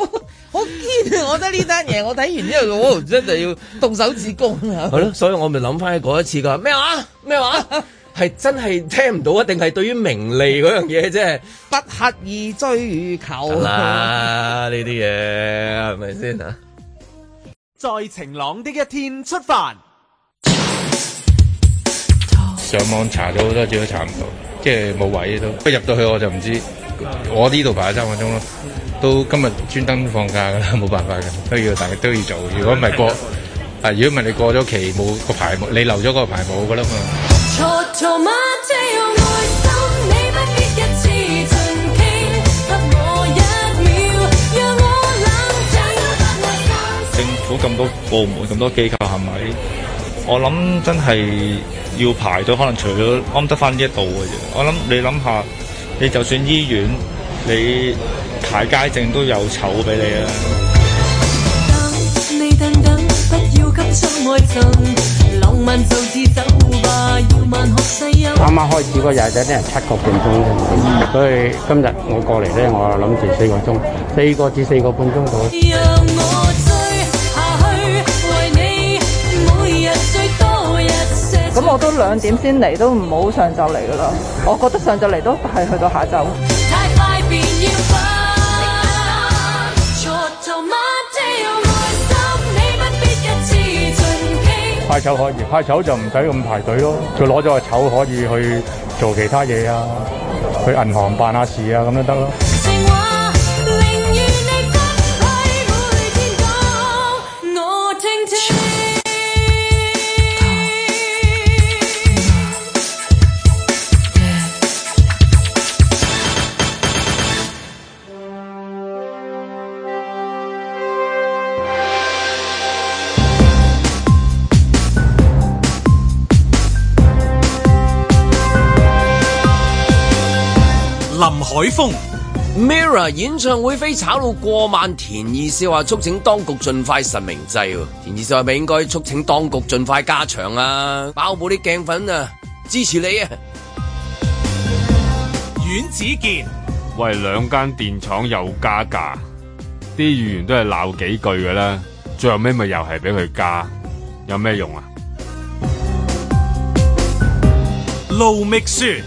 好堅， 我覺得呢單嘢，我睇完之後，我真係要動手指功啦。係 咯， 所以我咪諗翻去嗰一次嘅咩話咩話，係真係聽唔到啊？定係、啊、對於名利嗰樣嘢即係不刻意追求啦。呢啲嘢係咪先啊？在 晴朗的一天出發。 上網查咗好多次都查唔到，即係冇位都，不入到去我就唔知，我呢度排咗三個鐘咯。都今日專登放假㗎喇，冇辦法嘅，都要大家都要做。如果唔係過，啊，如果唔係你過咗期冇個牌，你留咗嗰個牌冇㗎喇嘛。政府咁多部門、咁多機構係咪？我諗真係要排到，可能除咗啱得返呢一度嘅啫。我諗你諗下，你就算醫院，你牌街正都有丑俾你啦！啱啱、嗯、開始嗰日仔啲人七個半鐘，所以今日我過嚟咧，我諗住四個鐘，四個至四個半鐘到。咁我，我都兩點先嚟，都唔好上晝嚟噶啦，我覺得上晝嚟都係去到下晝。派籌可以，派籌就唔使咁排隊咯。佢攞咗個籌可以去做其他嘢啊，去銀行辦下事啊，咁都得咯。林海峰，Mirror 演唱會飛炒到過萬田，田二少話促請當局盡快實名制，田二少係咪應該促請當局盡快加場啊？包保啲鏡粉啊，支持你啊！阮子健，喂，兩間電廠又加價，啲議員都係鬧幾句㗎啦，最後尾咪又係俾佢加，有咩用啊？盧覓雪。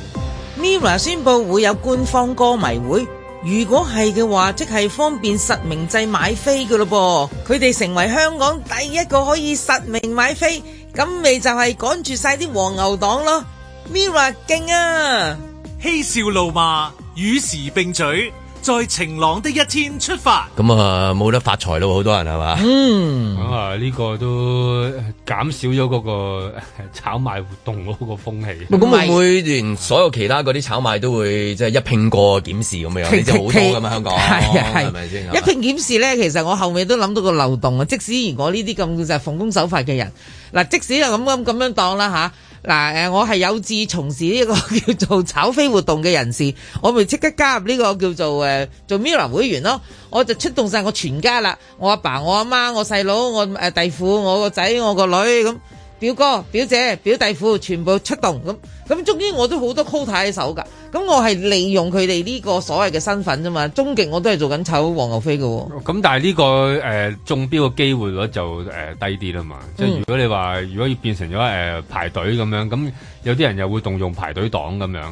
Mira 宣布會有官方歌迷會，如果係嘅話，即係方便實名制買飛噶咯噃。佢哋成為香港第一個可以實名買飛，咁咪就係趕住晒啲黃牛黨咯。Mira 勁啊，嬉笑怒罵與時並舉。在晴朗的一天出發，咁啊冇得發財咯，好多人係嘛，嗯啊，啊、這、呢個都減少咗嗰個炒賣活動嗰個風氣。咁每年所有其他嗰啲炒賣都會即係一拼過檢視咁樣，呢啲好多噶嘛香港，係咪先一拼檢視咧。其實我後尾都諗到個漏洞啊。即使如果呢啲咁就係奉公守法嘅人，嗱，即使係咁咁咁樣當啦嚇。嗱，誒，我係有志從事呢個叫做炒飛活動嘅人士，我咪即刻加入呢個叫做誒、呃、做 Mirror 會員咯，我就出動晒我全家啦，我阿爸，爸、我阿媽、我細佬、我誒弟婦、我個仔、我個女咁，表哥、表姐、表弟婦全部出動咁。咁終於我都好多 call 喺手㗎，咁我係利用佢哋呢個所謂嘅身份啫嘛，終極我都係做緊炒黃牛飛嘅喎、哦。咁、哦、但係呢、這個誒、呃、中標嘅機會率就誒、呃、低啲啦嘛，即係如果你話如果要變成咗誒、呃、排隊咁樣，咁有啲人又會動用排隊黨咁樣，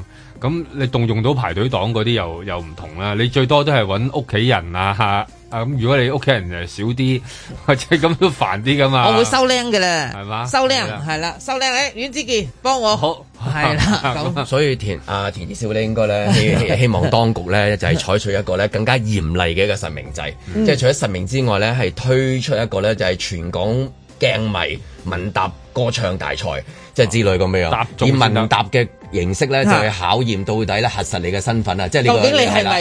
咁你動用到排隊黨嗰啲又又唔同啦，你最多都係揾屋企人啊嚇。咁如果你屋企人誒少啲，或者咁都煩啲噶嘛，我會收靚噶啦，係嘛？收靚係啦，收靚誒，袁子健幫我好係啦。咁所以田啊田志少咧，應該咧希希望當局咧就係採取一個咧更加嚴厲嘅一個實名制，即係除咗實名之外咧，係推出一個咧就係全港鏡迷問答歌唱大賽，即係之類嘅咩啊？以問答嘅。形式咧就去考驗到底咧核實你嘅身份啊！即係呢個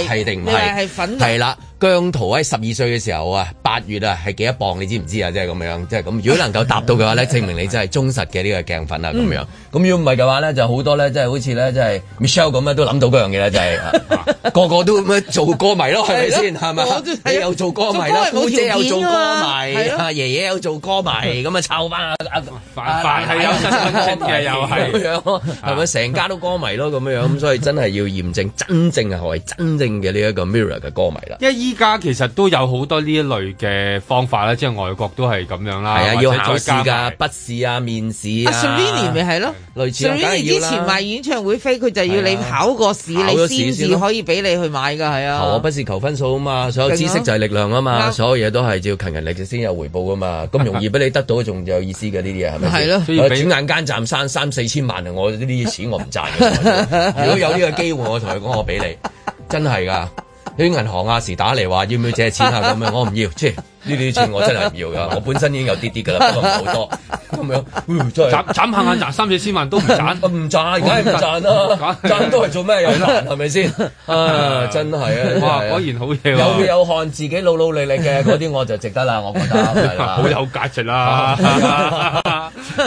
係定唔係？係粉啦，姜濤喺十二歲嘅時候啊，八月啊係幾多磅？你知唔知啊？即係咁樣，即係咁。如果能夠答到嘅話咧，證明你真係忠實嘅呢個鏡粉啊！咁樣，咁如果唔係嘅話咧，就好多咧，即係好似咧，即係 Michelle 咁咧，都諗到嗰樣嘢啦，就係個個都咁樣做歌迷咯，係咪先？係咪？你又做歌迷啦，姑姐又做歌迷，阿爺爺又做歌迷，咁啊湊翻又係咁樣咪成家？打到歌迷咯咁樣樣，咁所以真係要驗證真正係真正嘅呢一個 Mirror 嘅歌迷啦。因為依家其實都有好多呢一類嘅方法啦，即係外國都係咁樣啦。係啊，要考試噶筆試啊、面試 Saranya 咪係咯，類似。Saranya 之前賣演唱會飛，佢就要你考個試，你先至可以俾你去買㗎。係啊，我筆試求分數啊嘛，所有知識就係力量啊嘛，所有嘢都係要勤勤力力先有回報啊嘛。咁容易俾你得到，仲有意思嘅呢啲嘢，係咪？係咯。我轉眼間賺三三四千萬，我呢啲錢我～唔。 如果有呢個機會，我同佢講，我俾你， 真係㗎。你啲銀行啊時打嚟，話要唔要借錢啊咁樣，我唔要，即呢啲錢我真係唔要㗎， 我本身已經有啲啲㗎啦，都唔好多咁樣，真係眨眨下眼賺三四千萬都唔賺，唔 賺，梗係唔賺啦、啊， 賺都係做咩用啊？係咪先？真啊，真係啊！果然好嘢、啊，有有汗，自己努努力力嘅嗰啲我就值得啦，我覺得好有價值啦，咁、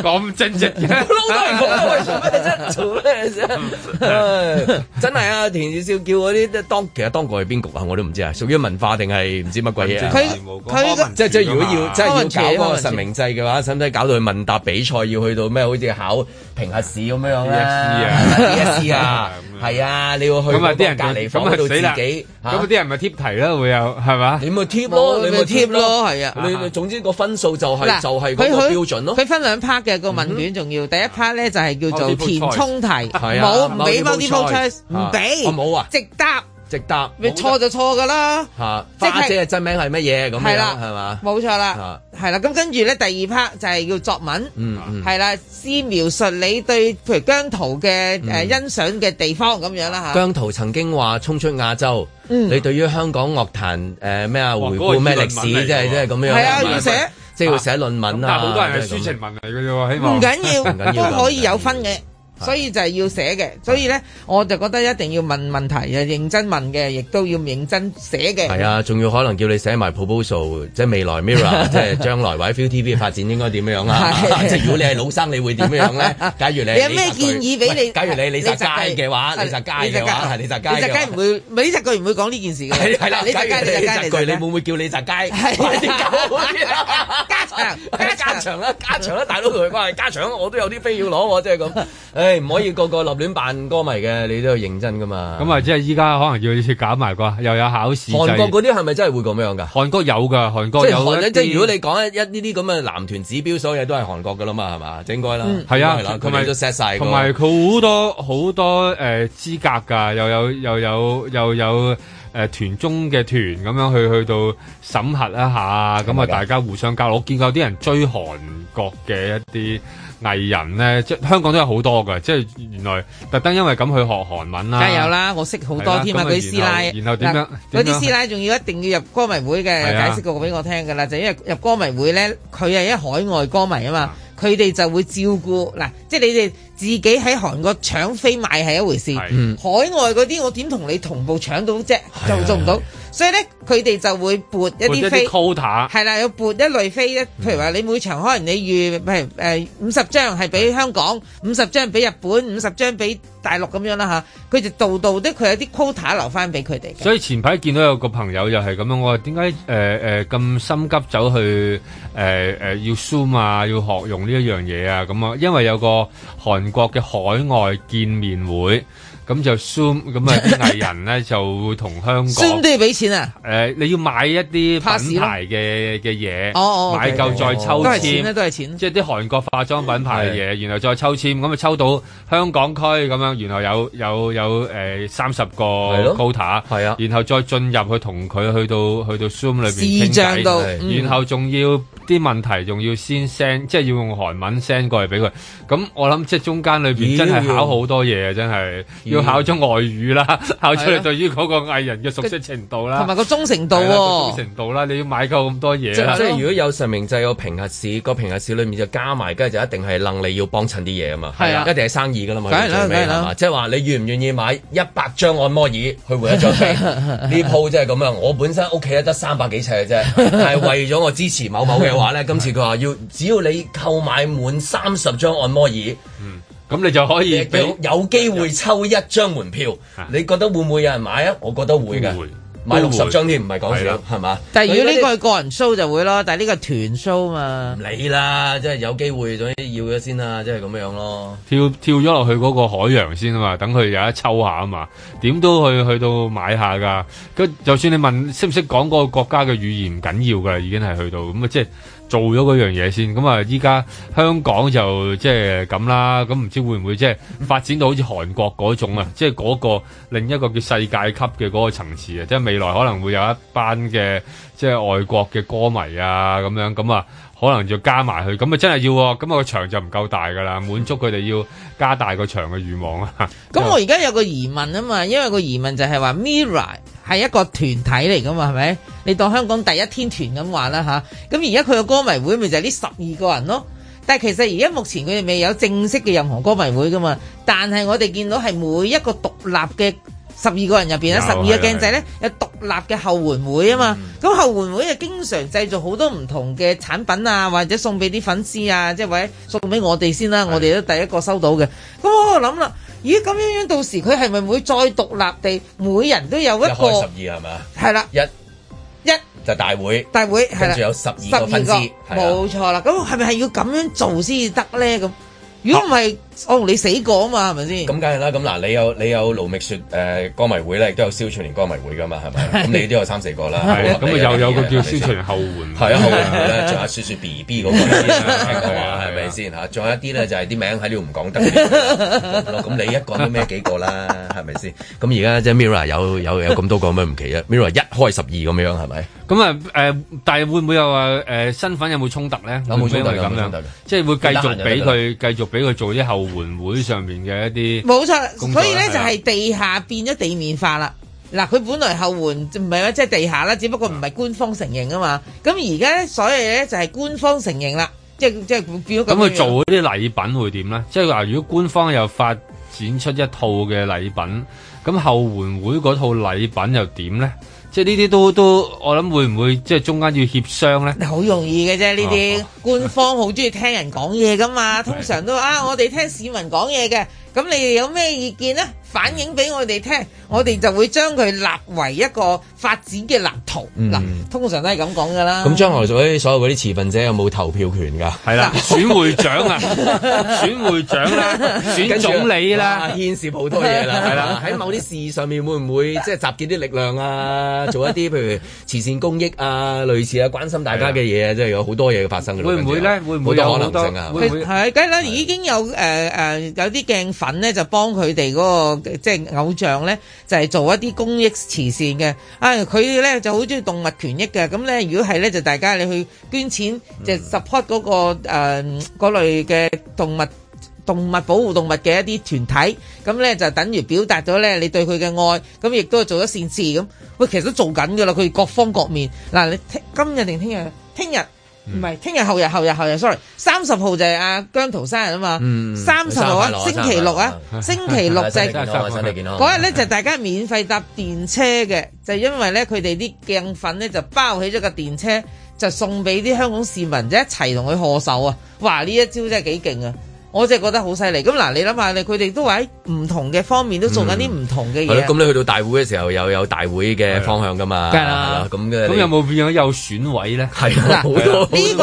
啊、正直嘅，老實講啊，為做咩啫？做咩啫？真係啊！田少少叫嗰啲，當其實當過係邊局啊？我都唔知啊，屬於文化定係唔知乜鬼嘢、啊？佢聽即即如果要即要搞嗰個實名制嘅話，使唔使搞到去問答比賽？要去到咩？好似考評核試咁樣一試啊，一試啊，係啊，你要去咁啲人隔離，咁到自己，咁啊啲人咪貼題啦，會有係嘛？你咪貼咯，你咪貼咯，係啊！你你總之個分數就係就係嗰個標準咯。佢分兩 part 嘅個問卷，仲要第一 part 咧就係叫做填充題，冇唔俾翻呢 four choice 唔俾。我冇啊，直答。直答，錯就錯噶啦。吓，花姐嘅真名係乜嘢咁樣？係嘛，冇錯啦。係啦，咁跟住咧，第二 part 就係要作文。嗯，係啦，先描述你對譬如姜濤嘅誒欣賞嘅地方咁樣啦吓。姜濤曾經話衝出亞洲，你對於香港樂壇誒咩啊回顧咩歷史即係即係咁樣。係啊，寫即係要寫論文啦。好多人係抒情文嚟嘅啫喎，希望唔緊要，都可以有分嘅。所以就係要寫嘅，所以咧我就覺得一定要問問題，又認真問嘅，亦都要認真寫嘅。係啊，仲要可能叫你寫埋 proposal，即係未來 mirror，即係將來或者 ViuTV 發展應該點樣啊？即係如果你係老生，你會點樣咧？假如你有咩建議俾你？假如你李澤楷嘅話，李澤楷。嘅話，李澤楷嘅唔會，李澤钜唔會講呢件事嘅。係啦，李澤楷李你會唔會叫李澤楷？加長，加長啦，加長啦，大佬同佢關係加長，我都有啲飛要攞，即係咁。唔可以個個立亂扮歌迷嘅，你都要認真噶嘛。咁即係依家可能要搞埋啩，又有考試。韓國嗰啲係咪真係會咁樣噶？韓國有噶，韓國有。即係如果你講一一呢啲咁嘅男團指標 Asia，嗯，所有嘢都係韓國噶啦嘛，係嘛？應該啦，係啊，佢咪都 set 曬。同埋佢好多好多誒資格㗎，又有又有又有誒團中嘅團咁樣去去到審核一下，咁啊大家互相交流。我見過啲人追韓國嘅一啲。藝人咧，即係香港都有好多嘅，即係原來特登因為咁去學韓文啦。梗係有啦，我識好多添啊，嗰啲師奶。然後點樣？嗰啲師奶仲要一定要入歌迷會嘅，解釋個個俾我聽嘅啦。就因為入歌迷會咧，佢係一海外歌迷啊嘛，佢哋就會照顧嗱，即係你哋自己喺韓國搶飛賣係一回事，海外嗰啲我點同你同步搶到啫？就做唔到。所以咧，佢哋就會撥一啲飛，係啦，要撥一類飛咧。嗯、譬如話，你每場可能你預譬如誒五十張係俾香港，五十的張俾日本，五十張俾大陸咁樣啦嚇。佢、啊、就度度都佢有啲 quota 留翻俾佢哋。所以前排見到有個朋友又係咁樣，我話點解誒誒咁心急走去誒誒、呃呃、要 zoom 啊，要學用呢一樣嘢啊咁啊？因為有個韓國嘅海外見面會。咁就 zoom 咁啊！藝人咧 就同香港咁都要俾錢啊！誒、 呃，你要買一啲品牌嘅嘅嘢， 買夠 再抽籤，咧，都係錢。即係啲韓國化妝品牌嘅嘢，嗯、然後再抽籤，咁啊抽到香港區咁樣，然後有有有誒三十個 quota，係啊的，然後再進入去同佢去到去到 zoom 裏邊傾偈的然後仲要。啲問題仲要先 send，即係要用韓文 send 過嚟俾佢。咁我諗即係中間裏邊真係考好多嘢啊！真係要考咗外語啦，考出你對於嗰個藝人嘅熟悉程度啦，同埋個忠誠度忠誠度啦，你要買夠咁多嘢。即係如果有實名制有評核試，個評核試裏面就加埋，跟住就一定係能力要幫襯啲嘢啊嘛。係啦，一定係生意㗎啦嘛。最尾係嘛，即係話你願唔願意買一百張按摩椅去換一張機？呢鋪真係咁樣！我本身屋企得三百幾尺嘅啫，但係為咗我支持某某嘅。話咧，嗯、今次佢話要的只要你購買滿三十張按摩椅，咁、嗯、你就可以俾有機會抽一張門票。的你覺得會唔會有人買啊？我覺得會嘅。買六十張添，唔係講笑係嘛？的吧但係如果呢個係個人 show 就會咯，但係呢個團 show 嘛？唔理啦，即、就、係、是、有機會總之要咗先啦、啊，即係咁樣咯。跳跳咗落去嗰個海洋先啊嘛，等佢有得抽一抽下啊嘛，點都去去到買下㗎。咁就，就算你問識唔識講嗰個國家嘅語言唔緊要㗎，已經係去到咁啊，即係。做咗嗰樣嘢先咁啊！依家香港就即係咁啦，咁唔知會唔會即係發展到好似韓國嗰種啊，即係嗰個另一個叫世界級嘅嗰個層次啊，即係未來可能會有一班嘅即係外國嘅歌迷啊咁樣咁啊。可能就加埋佢，咁啊真係要，咁啊個場就唔夠大噶啦，滿足佢哋要加大個場嘅願望啊！咁我而家有個疑問啊嘛，因為個疑問就係話 Mirror 係一個團體嚟噶嘛，係咪？你當香港第一天團咁話啦吓。咁而家佢個歌迷會咪就係呢十二個人咯？但係其實而家目前佢哋未有正式嘅任何歌迷會噶嘛，但係我哋見到係每一個獨立嘅。十二個人入邊咧，十二個鏡仔咧有獨立嘅後援會啊嘛，咁後援會啊經常製造好多唔同嘅產品啊，或者送俾啲粉絲啊，即係或者送俾我哋先啦，的我哋都第一個收到嘅。咁我喺度諗啦，咦，咁樣樣到時佢係咪會再獨立地每人都有一個？一開十二係嘛？係啦的，一一就大會大會係啦，的仲有十二個粉絲，冇錯啦。咁係咪係要咁樣做先至得咧？咁如果唔係？哦，你死過啊嘛，係咪先？咁梗係啦，咁嗱，你有你有盧銘雪誒歌迷會咧，亦都有蕭傳蓮歌迷會噶嘛，係咪？咁你都有三四個啦。係，咁又有個叫蕭傳後援。係啊，後援啦，仲有雪雪 BB 嗰個，係咪先嚇？仲有一啲咧，就係啲名喺呢度唔講得。咁你一個都咩幾個啦？係咪先？咁而家即係 Mirror 有有有咁多個咁唔奇啊！Mirror 一開十二咁樣係咪？咁啊誒，但係會唔會又話誒身份有冇衝突咧？有冇可能係咁樣？即係會繼續俾佢繼續俾佢做啲後援會上面嘅一啲，冇錯，所以咧就係地下變咗地面化啦。嗱，佢本來後援唔係話，即係地下啦，只不過唔係官方承認啊嘛。咁而家咧，所以咧就係官方承認啦，即係即係變咁。咁佢做嗰啲禮品會點咧？即係話如果官方又發展出一套嘅禮品，咁後援會嗰套禮品又點咧？即係呢啲都都，我諗會唔會即係中間要協商咧？好容易嘅啫，呢啲官方好中意聽人講嘢噶嘛， 通常都啊，我哋聽市民講嘢嘅，咁你哋有咩意見咧？反映俾我哋聽，我哋就會將佢立為一個發展嘅藍圖。嗱，通常都係咁講噶啦。咁將來所有嗰啲持份者有冇投票權噶？係啦，選會長啊，選會長啦，選總理啦，牽涉好多嘢啦，係啦，喺某啲事上面會唔會即係集結啲力量啊？做一啲譬如慈善公益啊，類似啊關心大家嘅嘢啊，即係有好多嘢嘅發生。會唔會咧？會唔會有可能性啊？會係，梗係啦，已經有誒誒有啲鏡粉咧就幫佢哋嗰個。即係偶像呢，就係、是、做一啲公益慈善嘅，啊、哎、佢呢就好中意動物權益嘅，咁呢，如果係呢，就大家你去捐錢，就 support 嗰、那個誒嗰、呃、類嘅動物動物保護動物嘅一啲團體，咁呢，就等於表達咗呢你對佢嘅愛，咁亦都做咗善事咁，喂、哎、其實都做緊噶啦，佢各方各面，嗱你聽今日定聽日，聽日。唔係，聽日後日後日後日，sorry，三十號就係阿姜濤生日啊嘛，三十、嗯、號啊，啊星期六啊，星期六就嗰日咧就大家免費搭電車嘅，嗯、就因為咧佢哋啲鏡粉咧就包起咗個電車，就送俾啲香港市民就一齊同佢賀壽啊！哇，呢一招真係幾勁啊！我就覺得好犀利，咁嗱，你諗下，你佢哋都喺唔同嘅方面都做緊啲唔同嘅嘢。係啦，好多。咁你去到大會嘅時候，又有大會嘅方向噶嘛？梗啦，咁嘅。咁有冇變咗有選委咧？係呢個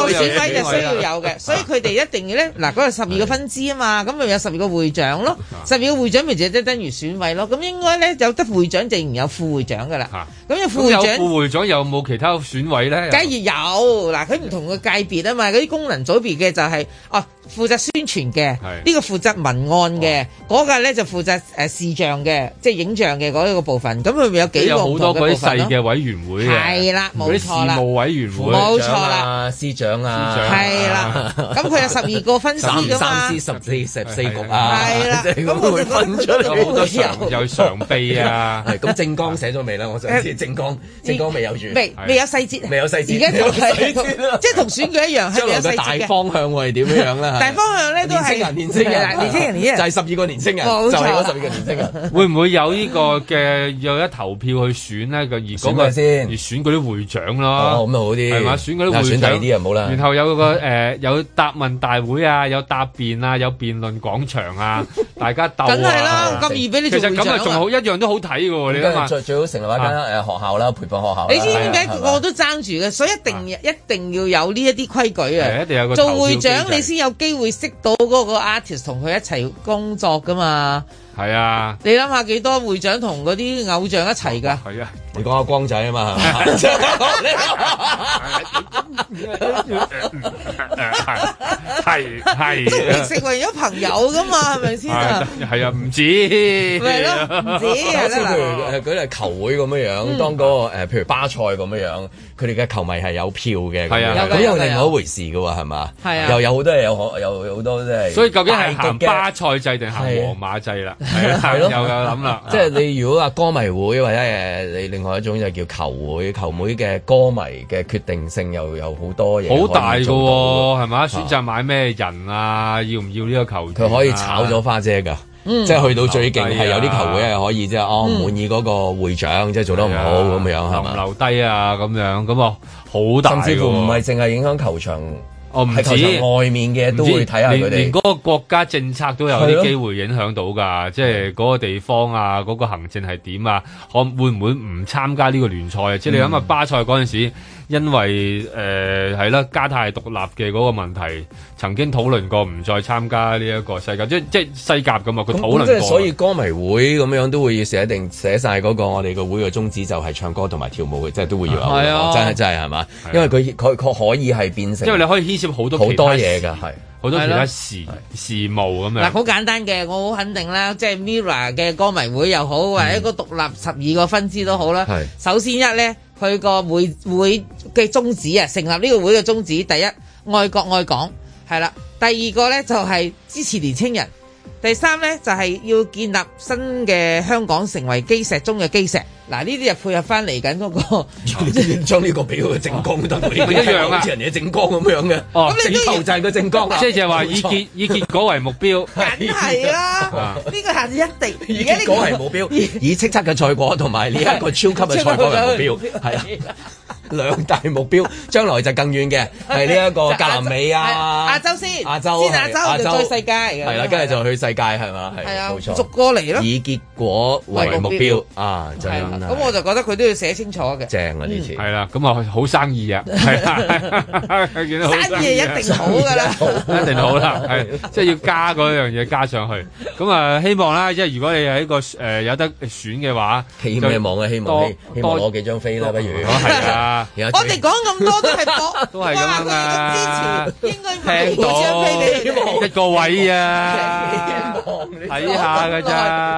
選委就需要有嘅，所以佢哋一定要咧嗱，嗰個十二個分支啊嘛，咁咪有十二個會長咯。十二個會長咪就即係等於選委咯。咁應該咧有得會長，自然有副會長噶啦。咁有副會長，副會長有冇其他選委咧？梗係有，嗱，佢唔同嘅界別啊嘛，嗰啲功能組別嘅就係哦。負責宣傳嘅，呢個負責文案嘅，嗰個咧就負責誒視像嘅，即係影像嘅嗰一個部分。咁佢咪有幾？有好多嗰啲細嘅委員會。係啦，冇錯啦。嗰啲事務委員會，冇錯啦，司長啊，司長啊，係啦。咁佢有十二個分司㗎嘛？十四十四局啊。係啦。咁佢分出嚟好多常又常秘啊。係咁，政綱寫咗未咧？我想知政綱，政綱未有完。未未有細節。未有細節。而家就係即係同選舉一樣，係個大方向係點樣樣咧？大方向咧都係年輕人，年輕人，就係十二個年輕人，就係十二個年輕人。會唔會有呢個嘅有一投票去選呢？個而嗰個而選嗰啲會長咯。咁好啲，係嘛？選嗰啲會長然後有個誒有答問大會啊，有答辯啊，有辯論廣場啊，大家鬥。梗係啦，咁易俾你其實咁啊，仲好一樣都好睇嘅喎，你嘛最最好成立一間誒學校啦，培訓學校。你知唔知點解我都爭住嘅？所以一定一定要有呢一啲規矩啊！做會長你先有。機會識到嗰個 artist，同佢一齊工作噶嘛～係啊！你諗下幾多會長同嗰啲偶像一齊噶？係啊！你講下光仔啊嘛？係係係，終於成為咗朋友噶嘛？係咪先啊？係啊，唔止，咪咯，唔止係啦。嗱，譬如舉例球會咁樣樣，嗯、當嗰、嗰個誒、啊，譬如巴塞咁樣樣，佢哋嘅球迷係有票嘅，係啊、嗯。咁又另外一回事噶喎，係嘛？係啊。又有好多嘢，有可有好多都係。所以究竟係行巴塞制定行皇馬制啦？係咯，係咯，又又諗啦。即係你如果話歌迷會或者誒，你另外一種就叫球會、球會嘅歌迷嘅決定性又有好多嘢，好大噶係咪？選擇買咩人啊？要唔要呢個球員？佢可以炒咗花姐噶即係去到最勁係有啲球會係可以即係。哦，唔滿意嗰個會長，即係做得唔好咁樣，係留低啊，咁樣咁啊，好大。甚至乎唔係淨係影響球場。我唔知外面嘅都會睇下佢哋，連嗰個國家政策都有啲機會影響到㗎，的即係嗰個地方啊，嗰、嗰個行政係點啊，可會唔會唔參加呢個聯賽啊？即係你諗下巴塞嗰陣時。嗯因為誒係啦，加泰獨立嘅嗰個問題，曾經討論過唔再參加呢一個世界，即即西甲咁啊。佢討論過。即係所以歌迷會咁樣都會寫定寫晒嗰個我哋個會嘅宗旨，就係唱歌同埋跳舞嘅，嗯、即係都會要係啊，哦、真係真係係嘛？啊、因為佢佢確可以係變成。因為你可以牽涉好多好多嘢噶，係好多其他事的事務咁樣。嗱的，好、嗯、簡單嘅，我好肯定啦，即係 Mirror 嘅歌迷會又好，或者一個獨立十二個分支都好啦、嗯。首先一咧。佢個會會嘅宗旨啊，成立呢個會嘅宗旨，第一愛國愛港係啦，第二個咧就係支持年青人。第三咧就係要建立新嘅香港成為基石中嘅基石。嗱，呢啲就配合翻嚟緊嗰個，將呢個俾個政綱得唔一樣啊？似人哋嘅政綱咁樣嘅，咁你都投贊個政綱，即係話以結以結果為目標，梗係啊！呢個下次一定，以結果係目標，以叱咤嘅賽果同埋呢一個超級嘅賽果為目標，係啦。兩大目標，將來就更遠嘅，係呢一個格南美啊、亞洲先、亞洲啊、亞洲再世界，係啦，跟住就去世界係嘛，係啊，冇錯，逐過嚟咯。以結果為目標啊，就咁啦。咁我就覺得佢都要寫清楚嘅，正啊呢次。係啦，咁啊好生意啊，係生意一定好㗎啦，一定好啦，係，即係要加嗰樣嘢加上去。咁啊，希望啦，即係如果你喺一個呃有得選嘅話，期望啊？希望你希望攞幾張飛啦，不如，係啊。我哋講咁多都係搏，講下佢嘅支持，應該唔會冇張飛你一個位啊，睇下嘅啫，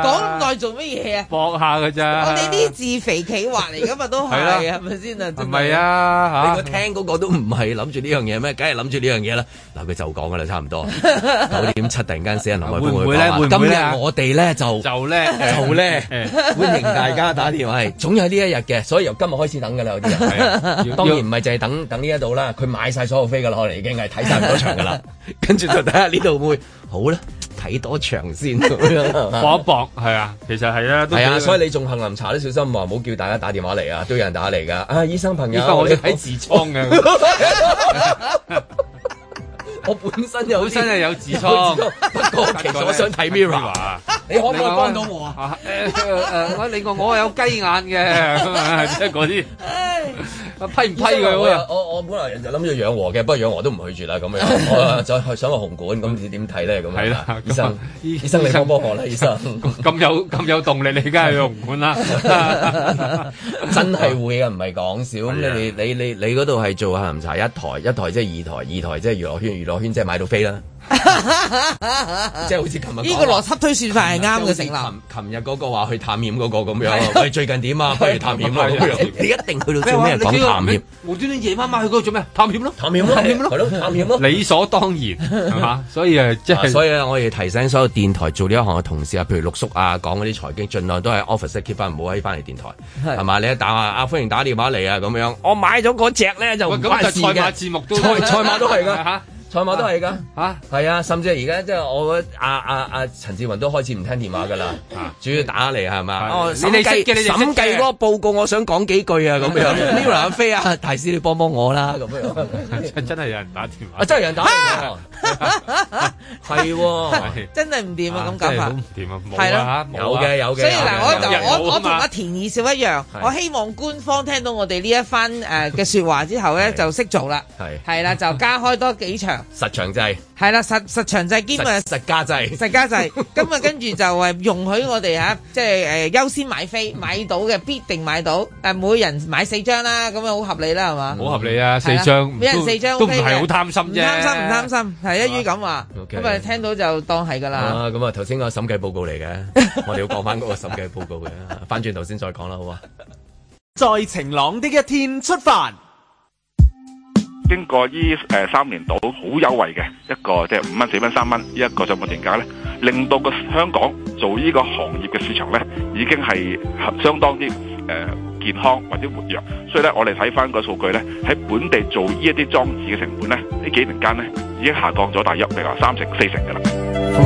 講咁耐做乜嘢啊？搏下嘅啫。我哋啲自肥企劃嚟，今日都係係咪先啊？唔係啊嚇，聽嗰個都唔係諗住呢樣嘢咩？梗係諗住呢樣嘢啦。嗱，佢就講噶啦，差唔多九點七，突然間死人林海峰去爆。今日我哋咧就就叻就叻，歡迎大家打電話。總有呢一日嘅，所以由今日開始等㗎喇，有啲人。當然唔係淨係等等呢一度啦，佢買晒所有飛噶啦，我哋已經係睇晒好多場噶啦，跟住就睇下呢度會好啦，睇多場先搏一搏，係、嗯、啊，其實係啊，係啊，所以你仲杏林查，都小心啊，唔好叫大家打電話嚟啊，都有人打嚟噶，啊，醫生朋友，我哋睇痔瘡嘅，我本身有，本身係有痔瘡、嗯，不過其實我想睇 mirror，話你可唔可以幫到我啊？啊，啊，啊，啊？你話我係有雞眼嘅，啲。批唔批佢？我我，我本來就諗住養和嘅，不過養和都唔去住啦。咁樣， 我再去唱個紅館，咁你點睇咧？咁樣係啦，醫生，醫生你收波我啦，醫生。咁有咁有動力，你而家去紅館啦，真係會啊，唔係講笑。咁 你 你你你嗰度係做下午茶一台，一台即係二台，二台即係娛樂圈，娛樂圈即係買到飛啦。即係好似琴日講呢個邏輯推算法係啱嘅成立。琴日嗰個話去探險嗰個咁樣，喂，最近點啊？不如探險咯。你一定去到咩話？做咩？講探險？無端端夜麻麻去嗰度做咩？探險咯！探險咯！探險咯！理所當然係嘛？所以誒，即係所以，我哋提醒所有電台做呢一行嘅同事啊，譬如陸叔啊，講嗰啲財經，儘量都係 office keep 翻，唔好喺翻嚟電台係嘛？你一打啊，歡迎打電話嚟啊，咁樣。我買咗嗰隻咧就唔關事嘅。賽馬節目都都係㗎嚇。賽馬都係噶嚇，係啊！甚至係而家即係我阿阿阿陳志雲都開始唔聽電話噶啦，主要打嚟係嘛？我審計審計嗰個報告，我想講幾句啊咁樣。阿飛啊，大師你幫幫我啦咁樣。真真係有人打電話，真係有人打電話，係喎，真係唔掂啊！咁搞法，唔掂啊，冇啦嚇，有嘅有嘅。所以嗱，我我我同阿田二少一樣，我希望官方聽到我哋呢一番誒嘅説話之後咧，就識做啦。係係啦，就加開多幾場。實場制係啦，實實場制兼啊，實價制，實價制。咁啊跟住就係容許我哋吓，即係誒優先買飛，買到嘅必定買到。誒，每人買四張啦，咁啊好合理啦，係嘛？好合理啊，四張，每人四張都唔係好貪心啫，唔貪心唔貪心，係一於咁話。咁啊，聽到就當係噶啦。啊，咁啊，頭先個審計報告嚟嘅，我哋要講翻嗰個審計報告嘅，翻轉頭先再講啦，好嘛？在晴朗的一天出發。經過依誒三年度好優惠嘅一個，即係五蚊、四蚊、三蚊，呢一個就冇定價咧，令到個香港做呢個行業嘅市場咧，已經係相當之誒、呃、健康或者活躍，所以咧我哋睇翻個數據咧，喺本地做呢一啲裝置嘅成本咧，呢幾年間咧已經下降咗大約，譬如話三成、四成噶啦。同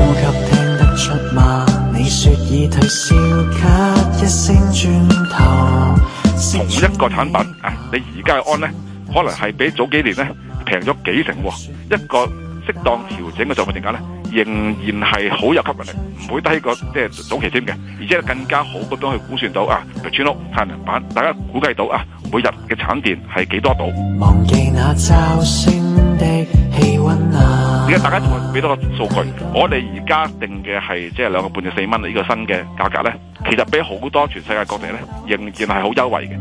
一個產品啊，你而家去安咧？可能係比早幾年咧平咗幾成，哦，一個適當調整嘅成本電價咧，仍然係好有吸引力，唔會低過即係早期添嘅，而且更加好咁樣去估算到啊，村屋太陽能板，大家估計到啊，每日嘅產電係幾多度？忘記那驟升的氣溫啊！而家大家仲俾多個數據，我哋而家定嘅係即係兩個半至四蚊呢個新嘅價格咧，其實比好多全世界各地咧仍然係好優惠嘅。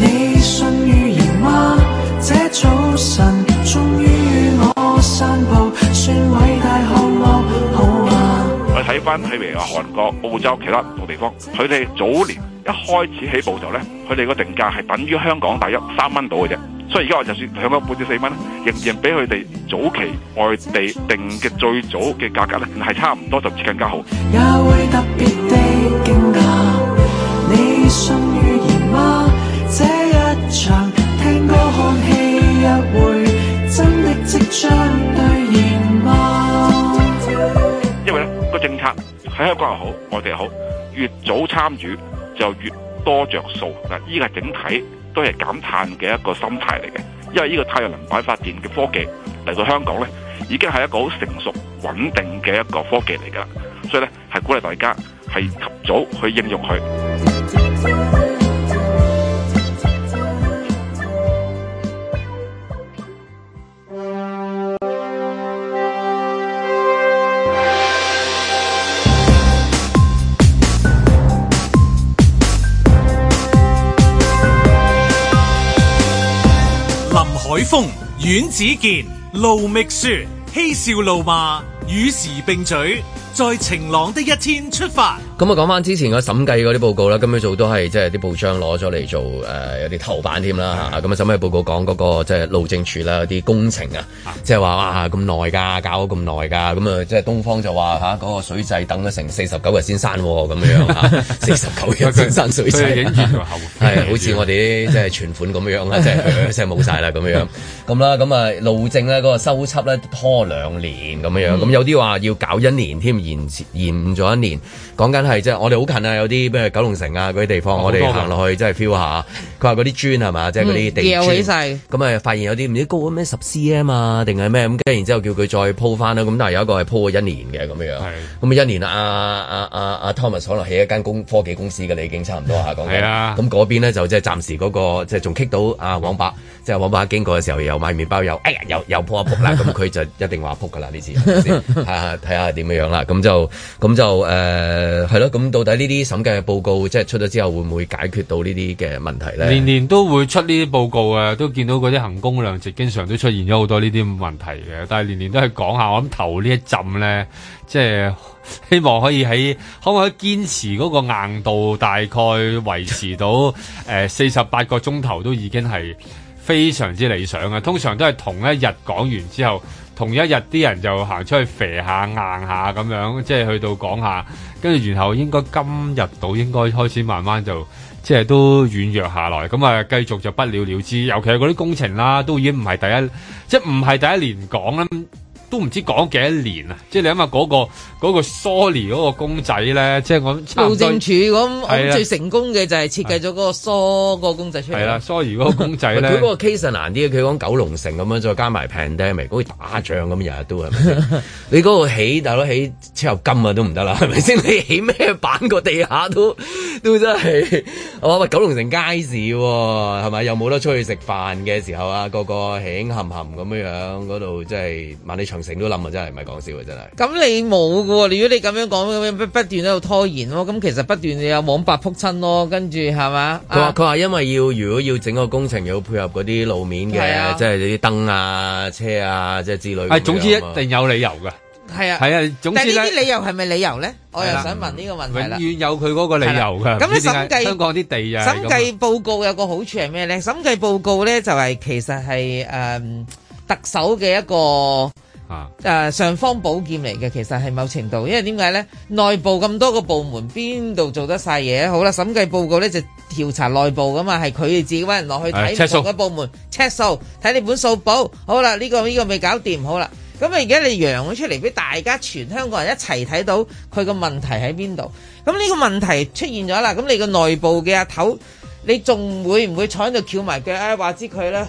你信我睇翻，譬如話韓國、澳洲，其他唔同地方，佢哋早年一開始起步就咧，佢哋個定價係等於香港大約三蚊到嘅啫。所以而家我就算兩個半至四蚊，仍然比佢哋早期外地定嘅最早嘅價格咧係差唔多，就至更加好。也會特別的驚訝，你信預言嗎？這一場。因為呢個政策喺香港又好，外地又好，越早參與就越多着數。嗱，依個係整體都係減碳嘅一個心態嚟嘅。因為呢個太陽能板發電嘅科技嚟到香港呢，已經係一個好成熟穩定嘅一個科技嚟噶，所以呢，係鼓勵大家係及早去應用佢。阮子健，盧覓雪，嬉笑怒罵，與時並舉，在晴朗的一天出發。咁啊，講翻之前個審計嗰啲報告啦，今日做都係即係啲報章攞咗嚟做誒有啲頭版添啦嚇。咁啊審計報告講嗰、嗰個即係路政署啦，啲工程啊，即係話哇咁耐㗎，搞咗咁耐㗎，咁、嗯、啊即係東方就話嚇嗰個水掣等咗成四十九日先閂、啊，咁樣嚇，四十九日先閂水掣， 好似我哋啲即係存款咁樣啦、就是，即係即係冇晒啦咁樣。咁、嗯、啦，咁 啊路、啊、政咧嗰個修葺咧拖兩年咁樣，咁、嗯嗯、有啲話要搞一年添延延誤咗一年，講緊。係即係我哋好近啊！有啲咩九龍城啊嗰啲地方，哦、我哋行落去即係 feel 下。佢話嗰啲磚係嘛，即係嗰啲地磚咁啊，發現有啲唔知高咩十 cm 啊，定係咩咁？跟然之後叫佢再鋪翻啦。咁但係有一個係鋪過一年嘅咁樣。係咁是一年啊！阿、啊、阿阿、啊啊、Thomas 可能起一間公科技公司嘅，你已經差唔多下講。係咁嗰邊咧就即、是、係暫時嗰、那個即係仲棘到阿、啊、黃伯。即係黃伯經過嘅時候又買麵包又哎呀又又，又鋪一仆啦！咁佢 就一定話仆㗎啦呢次嚇，睇下點樣樣啦。咁就咁就誒。呃係咯，咁到底呢啲審計嘅報告即係出咗之後，會唔會解決到呢啲嘅問題咧？年年都會出呢啲報告啊，都見到嗰啲行工量值經常都出現咗好多呢啲問題嘅，但係年年都係講下，我諗頭呢一浸咧，即係希望可以喺可唔可以堅持嗰個硬度，大概維持到誒四十八個鐘頭都已經係非常之理想啊。通常都係同一日講完之後。同一日啲人就行出去肥下硬下咁樣，即係去到講下，跟住然後應該今日到應該開始慢慢就即係都軟弱下來，咁啊繼續就不了了之。尤其係嗰啲工程啦，都已經唔係第一，即係唔係第一年講啦。都唔知講幾多年啊！即係你諗下嗰個嗰、嗰個 Sony 嗰個公仔咧，即係我。路政署咁，了我最成功嘅就係設計咗嗰個梳、Sony、嗰個公仔出嚟。係啦 Sony 嗰個公仔咧，佢嗰個 case 難啲，佢講九龍城咁樣，再加埋 pandemic，好似打仗咁日日都係。係咪 你嗰度起大佬起車油金啊，都唔得啦，係咪先？你起咩板個地下都都真係，我 話九龍城街市喎、啊，係咪？又冇得出去食飯嘅時候啊，個個起冚冚咁樣樣嗰度，即係萬里長。成都冧啊！真係唔係講笑嘅，真係。咁你冇嘅喎，如果你咁樣講咁樣不不斷喺度拖延咯，咁其實不斷有網白撲親咯，跟住係嘛？佢話佢話因為要如果要整個工程，要配合嗰啲路面嘅，即係啲燈啊、車啊，即係之類。係總之一定有理由㗎。係啊，係啊，總之。但係呢啲理由係咪理由咧？我又想問呢個問題啦。永遠有佢嗰個理由㗎。咁你審計香港啲地啊？審計報告有個好處係咩咧？審計報告咧就係其實係誒特首嘅一個。啊！上方保劍嚟嘅，其實係某程度，因為點解呢？內部咁多個部門，邊度做得晒嘢？好啦，審計報告呢就是，調查內部噶嘛，係佢哋自己揾人落去睇某個部門，k 數睇你本數簿。好啦，呢、這個呢、這個未搞掂，好啦，咁而家你揚咗出嚟俾大家全香港人一齊睇到佢個問題喺邊度？咁呢個問題出現咗啦，咁你個內部嘅阿頭，你仲會唔會坐喺度翹埋腳？誒，話知佢咧？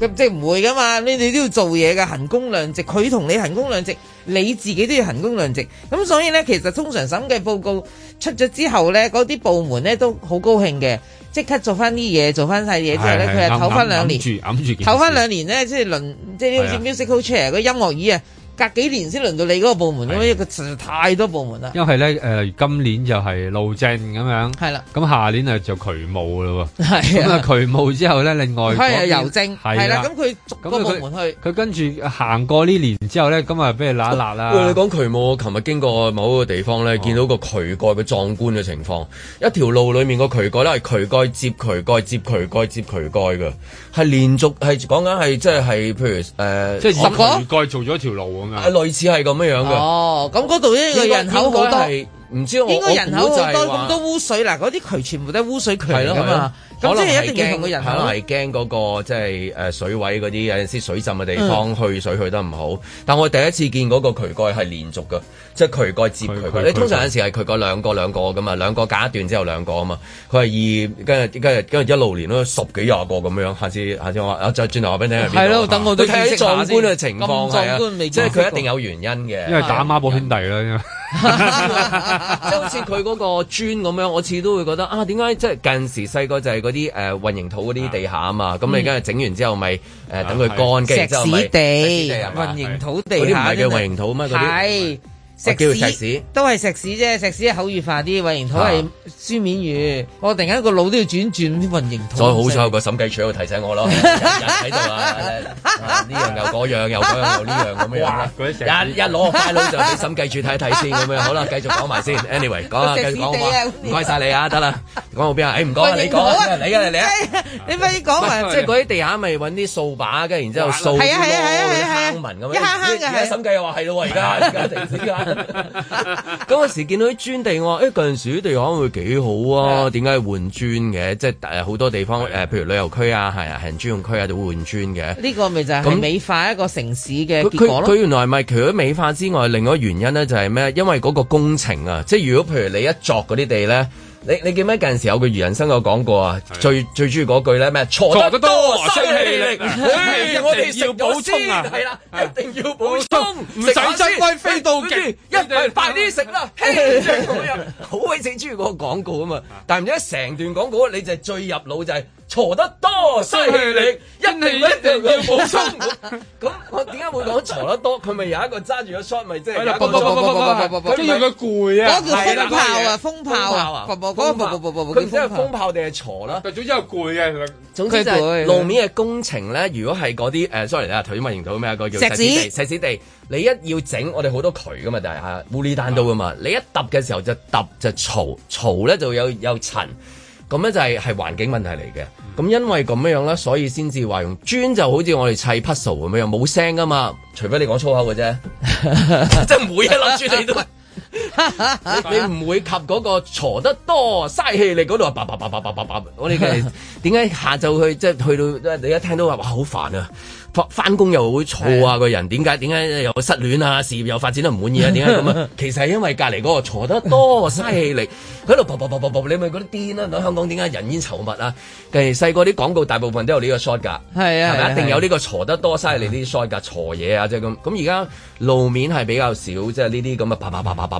咁即係唔會噶嘛？你哋都要做嘢噶，衡功量值，佢同你衡功量值，你自己都要衡功量值。咁所以咧，其實通常審計報告出咗之後咧，嗰啲部門咧都好高興嘅，即刻做翻啲嘢，做翻晒嘢之後咧，佢係唞翻兩年，唞翻兩年咧即係輪，即係好似 musical chair 個音樂椅啊。隔幾年先輪到你嗰個部門咁樣，佢其實太多部門啦。因為咧，誒，今年就係路政咁樣，係啦。咁下年啊就渠務咯喎，係。咁啊渠務之後咧，另外係郵政，係啦。咁佢逐個部門去。佢跟住行過呢年之後咧，咁啊俾你揦一揦啦。我你講渠務，我琴日經過某一個地方咧，見到個渠蓋嘅壯觀嘅情況，一條路裏面個渠蓋咧係渠蓋接渠蓋接渠蓋接渠蓋嘅，係連續係講緊係即係，譬如誒，即係十個渠蓋做咗一條路。啊，類似係咁樣樣嘅。哦，咁嗰度呢個人口好多，係唔知我。應該人口好多，咁多污水嗱，嗰啲渠全部都係污水渠㗎嘛。我可能係驚嗰個，即係誒水位嗰啲有陣時水浸嘅地方、嗯、去水去得唔好。但我第一次見嗰個渠蓋係連續嘅，即係渠蓋接渠蓋。你通常有陣時係渠蓋兩個兩個嘅嘛，兩個隔一段之後兩個啊嘛。佢係二跟住跟跟住一路連到，十幾廿個咁樣。下次下次我再就轉頭話俾你聽。係咯、嗯，等我都睇睇壯觀嘅情況係啊，即係佢一定有原因嘅，因為打孖寶兄弟啦。 即係好似佢嗰個磚咁樣，我似都會覺得啊，點解即係近時細個就係嗰啲誒，混凝土嗰啲地下啊嘛，咁你而家整完之後咪誒等佢乾機，就石屎地、混凝土地，嗰啲唔係叫混凝土嘛，咩？係。食屎都係食屎啫，食屎係口語化啲。混凝土係書面語，我突然間個腦都要轉轉啲混凝土。所以好彩有個審計處喺度提醒我咯，喺度啊，呢樣又嗰樣又嗰樣又呢樣咁樣啦。一一攞塊腦就俾審計處睇睇先咁樣，好啦，繼續講埋先。Anyway，講啊，繼續講埋，唔該晒你啊，得啦，講到邊啊？誒，唔該你講，你啊你啊，你快啲講埋，即係嗰啲地下咪揾啲掃把，跟住然之後掃啲毛嗰啲坑紋咁樣，一坑嘅。而家審計又話係咯，而家而家一定。咁有 時見到啲磚地，我話誒，嗰陣時啲地可能會幾好啊？點解換磚嘅？即係好多地方誒的、呃，譬如旅遊區啊，係啊，係行人專用區啊，就換磚嘅。呢個咪就係美化一個城市嘅結果咯。佢、嗯、原來咪除咗美化之外，另外一個原因咧就係咩？因為嗰個工程啊，即係如果譬如你一鑿嗰啲地咧。你你記唔記得近時有個余仁生有講過啊？最最中意嗰句咧咩？錯得多，生體 氣力，我哋要補充啊，係啦，一定要補充，唔使真威飛到極， 一定快啲食啦，好鬼死中意嗰個廣告啊嘛，但係唔知一成段廣告，你就最入腦就係、是。鋤得多，犀氣力，一定一定要補充。咁我點解會講鋤得多？佢咪有一個揸住咗 shot，咪即係一個。咁攰啊！嗰個叫風炮啊，風炮啊，嗰個。佢唔知風炮定係鋤啦？但總之係攰嘅。總之就路面嘅工程咧，如果係嗰啲誒，sorry 啦，頭先問完到咩叫石屎地，石屎地。你一要整，我哋好多渠噶嘛，但係啊，污泥彈到噶嘛。你一揼嘅時候就揼就嘈。嘈咧就有有塵。咁咧就係係環境問題嚟嘅，咁因為咁樣樣咧，所以先至話用磚就好似我哋砌 puzzle 咁樣，冇聲噶嘛，除非你講粗口嘅啫，即係每一粒磚你都， 你唔會及嗰個嘈得多，嘥氣力嗰度啊，叭叭叭叭叭叭叭，我哋點解下晝去即係去到，你一聽到話哇好煩啊！翻工又會嘈啊！個人點解點解又失戀啊？事業又發展得唔滿意啊？點解咁啊？ 其實係因為隔離嗰個嘈得多嘥氣力，喺度噚噚噚你咪覺得癲咯！喺香港點解人煙稠密啊？其實細個啲廣告大部分都有呢個衰格，係啊，係咪一定有呢個嘈得多嘥氣力呢啲衰格嘈嘢啊？即係咁。咁而家路面係比較少，即係呢啲咁嘅噋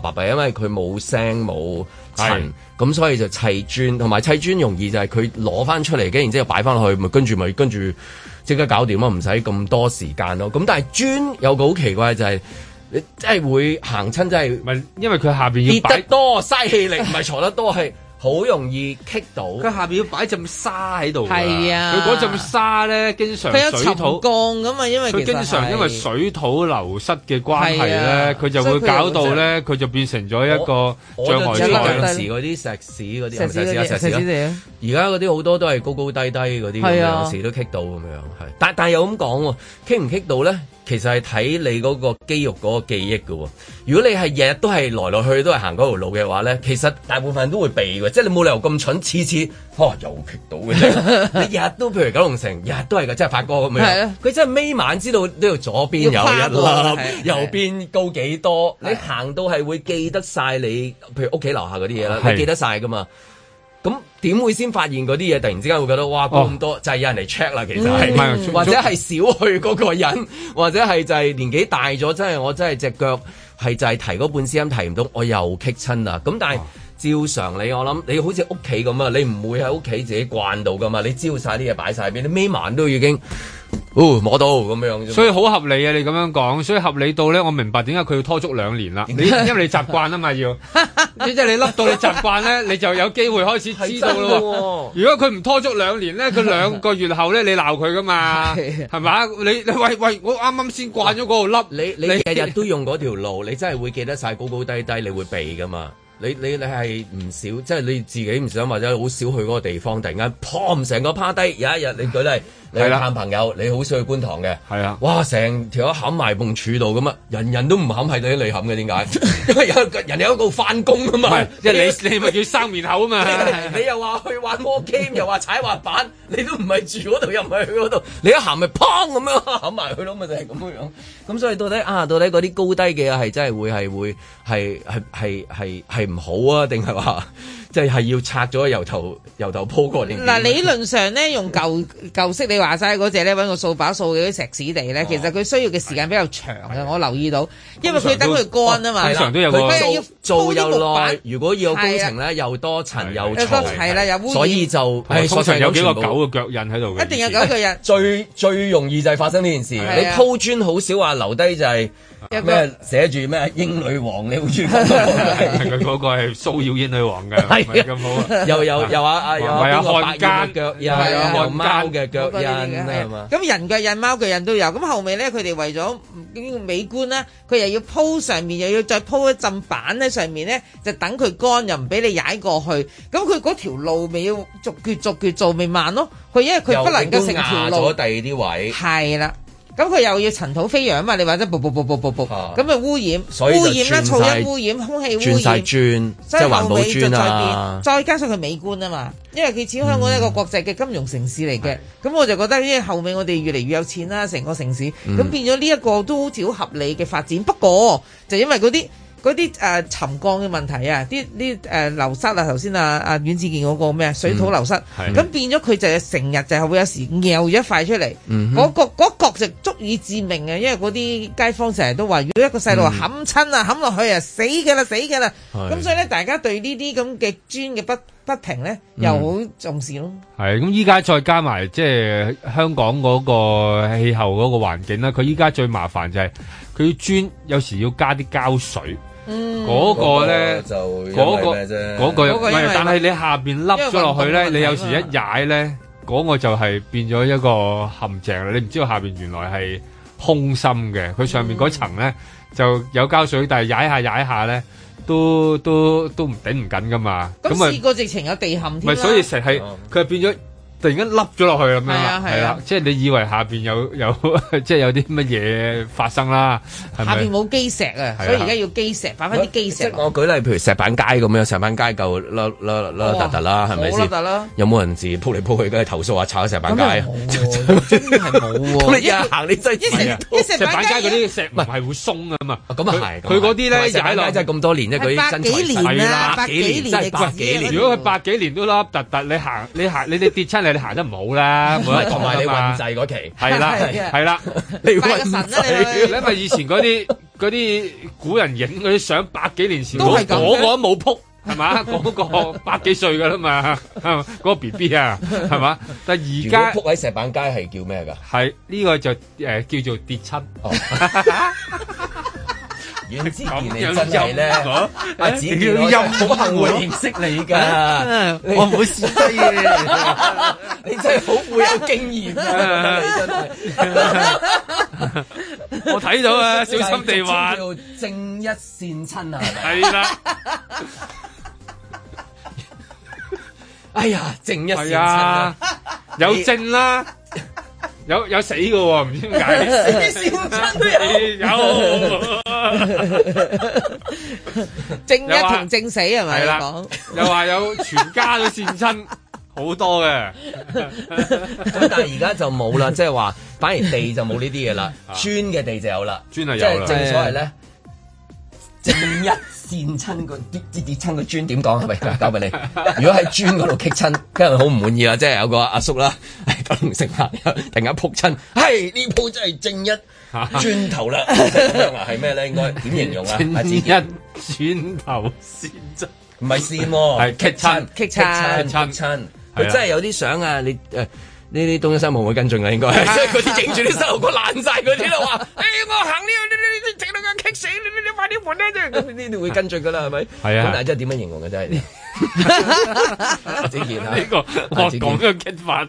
噋噋因為佢冇聲冇塵，咁的所以就砌磚同埋砌磚容易就係佢攞翻出嚟，跟然之後擺翻落去，跟住咪跟住。即刻搞掂咯，唔使咁多時間咯。咁但係磚有個好奇怪嘅，就係你即係會行親，即係唔係因為佢下邊要擺得多嘥氣力，唔係坐得多係。 好容易棘到，佢下邊要擺浸沙喺度。係啊，佢嗰浸沙咧，經常佢有水土降咁嘛，因為佢經常因為水土流失嘅關係咧，佢就會搞到咧，佢就變成咗一個障礙。有時嗰啲石屎嗰啲，石屎石屎嚟啊！而家嗰啲好多都係高高低低嗰啲，有時都棘到咁樣，係。但但又咁講喎，棘唔棘到咧？其實係睇你嗰個肌肉嗰個記憶嘅喎、哦。如果你係日日都係來來去都係行嗰條路嘅話咧，其實大部分人都會避嘅，即係你冇理由咁蠢，次次哦又棘到嘅啫。 你日日都譬如九龍城，日日都係嘅，即係發哥咁樣。係啊，佢真係眯晚知道呢度左邊有一路，右、啊、邊高幾多。啊、你行到係會記得晒你，譬如屋企樓下嗰啲嘢啦，啊、你記得晒㗎嘛。咁點會先發現嗰啲嘢？突然之間會覺得哇，咁多、啊、就係有人嚟 check 啦，其實係，或者係少去嗰個人，或者係就係年紀大咗，真係我真係隻腳係就係提嗰半 C M 提唔到，我又棘親啦。咁但係、啊、照常理，我諗你好似屋企咁啊，你唔會喺屋企自己慣到㗎嘛？你招晒啲嘢擺曬喺邊，你尾晚都已經。哦，摸到咁樣，所以好合理啊！你咁樣講，所以合理到咧，我明白點解佢要拖足兩年啦。 你因為你習慣啊嘛，要即係 你笠到你習慣咧，你就有機會開始知道咯。哦、如果佢唔拖足兩年咧，佢兩個月後咧，你鬧佢噶嘛，係咪、 啊？你，你喂喂，我啱啱先慣咗嗰度笠，你你日日都用嗰條路，你真係會記得晒高高低，低低，你會避噶嘛？你你你係唔少，即係你自己唔想或者好少去嗰個地方，突然間砰成個趴低。有一日你舉例，你探朋友， 對了 你好少去觀塘嘅，係 是啊，哇！成條都冚埋棚柱度咁啊，人人都唔冚係嗰啲嚟冚嘅，點解？因為人哋有一個翻工啊嘛，即係 你你咪叫生面口啊嘛。 你又話去玩魔 g 又話踩滑板，你都唔係住嗰度，又唔係去嗰度，你一行咪砰咁樣冚埋去咯，咪就係咁嘅樣。咁、就是、所以到底啊，到底嗰啲高低嘅係真係會係會係係係係係。唔好啊，定係話？就係要拆咗由頭由頭鋪過嚟。嗱，理論上咧，用舊舊式你話齋嗰隻咧，揾個掃把掃嗰啲石屎地咧，其實佢需要嘅時間比較長嘅。我留意到，因為佢等佢乾啊嘛。通常都有個做又耐，如果要工程咧，又多塵又重，係啦又污。所以就有幾個狗嘅腳印喺度，一定有狗嘅腳印。最最容易就係發生呢件事。你鋪磚好少話留低就係一個咩寫住咩英女王，你會知道。係佢嗰個係騷擾英女王㗎。家有又有家又話啊，又話鴻鴨嘅腳，又話鴻貓嘅腳印。咁人腳印、貓腳印都有。咁後尾咧，佢哋為咗呢個美觀咧，佢又要鋪上面，又要再鋪一陣板喺上面咧，就等佢乾，又唔俾你踩過去。咁佢嗰條路咪要逐段逐段做咪慢咯？佢因為佢不能夠成條路，壓咗第二啲位。係啦。咁佢又要塵土飛揚啊嘛！你話啫，噃噃噃噃噃噃，咁咪污染，污染啦，噪音污染，空氣污染，轉變即係環保轉、啊、再加上佢美觀啊嘛，因為佢似香港一個國際嘅金融城市嚟嘅，咁、嗯嗯、我就覺得，因為後尾我哋越嚟越有錢啦，成、嗯、個城市，咁變咗呢一個都好似好合理嘅發展。不過就因為嗰啲。嗰啲誒沉降嘅問題啊，啲啲誒流失啊，頭先啊啊阮志健嗰個咩水土流失，咁、嗯、變咗佢就係成日就係會有時掟咗一塊出嚟，嗰、嗯哼嗰個嗰角、嗰個、就足以致命啊！因為嗰啲街坊成日都話，如果一個細路話冚親啊，冚落去啊，死嘅啦，死嘅啦，咁、嗯、所以咧，大家對這這的的呢啲咁嘅磚嘅不不停咧，又好重視咯。係咁、嗯，依家再加埋即係香港嗰個氣候嗰個環境啦，佢依家最麻煩就係佢磚有時要加啲膠水。嗰個咧就嗰個嗰個唔係，但係你下邊凹咗落去咧，你有時一踩咧，嗰個就係變咗一個陷阱啦。你唔知道下邊原來係空心嘅，佢上面嗰層咧就有膠水，但係踩下踩下咧，都都都唔頂唔緊噶嘛。咁試過直情有地陷添。咪所以石係佢係變咗。突然間凹咗落去咁樣？係啦，即係你以為下邊有有即係有啲乜嘢發生啦？下邊冇基石啊，所以而家要基石擺翻啲基石。我舉例，譬如石板街咁樣，石板街嚿凹凹凹凹凸凸啦，係咪先？有冇人字鋪嚟鋪去都係投訴話拆石板街啊？真係冇喎！咁你一路行，你真係一石一石板街嗰啲石唔係會鬆啊嘛？咁啊係，佢嗰啲咧踩落真係咁多年，真係百幾年啦，百幾年真係百幾年。如果佢百幾年都凹凸凸，你行你行你哋跌出嚟。你行得唔好啦，同埋你運滯嗰期，係啦係啦，你屈神啦你，你諗以前嗰啲啲古人影嗰啲相，百幾年前，個個都冇仆，係嘛？嗰個百幾歲噶啦嘛，嗰個 B B 啊，係嘛？但而家仆喺石板街係叫咩噶？係呢個就誒叫做跌親。楊之賢你真係咧，阿子又冇可能唔識你噶，我唔會試嘅，你真係好富有經驗啊！我睇到啊，小心地滑，正一善親啊，係啦，哎呀，正一善親，有證啦。有有死嘅、哦，唔知點解啲善親都有有， 正一同正死係咪啦？又話有全家嘅善親好多嘅， 咁但係而家就冇啦，即係話反而地就冇呢啲嘢啦，磚嘅 地就有啦，磚係有啦，正所謂咧，正一善親個跌跌跌親個磚點講，係咪？交俾你，如果喺磚嗰度棘親，跟住好唔滿意啦，即係有個阿叔啦。突然間撲親，係呢鋪真係正一轉、啊、頭啦！係咩咧？應該點形容啊？轉一轉頭先啫，唔係線喎，係棘親棘親棘親，佢真係有啲相啊！你誒。呃呢啲東西冇會跟進噶，應該嗰啲整住啲細路哥爛晒嗰啲啦，話誒我行呢，你你整到我激死你，你快啲換啦，即係呢啲會跟進噶啦，係咪？係啊，但係真係點樣形容嘅真係？哈呢個我講嘅激法，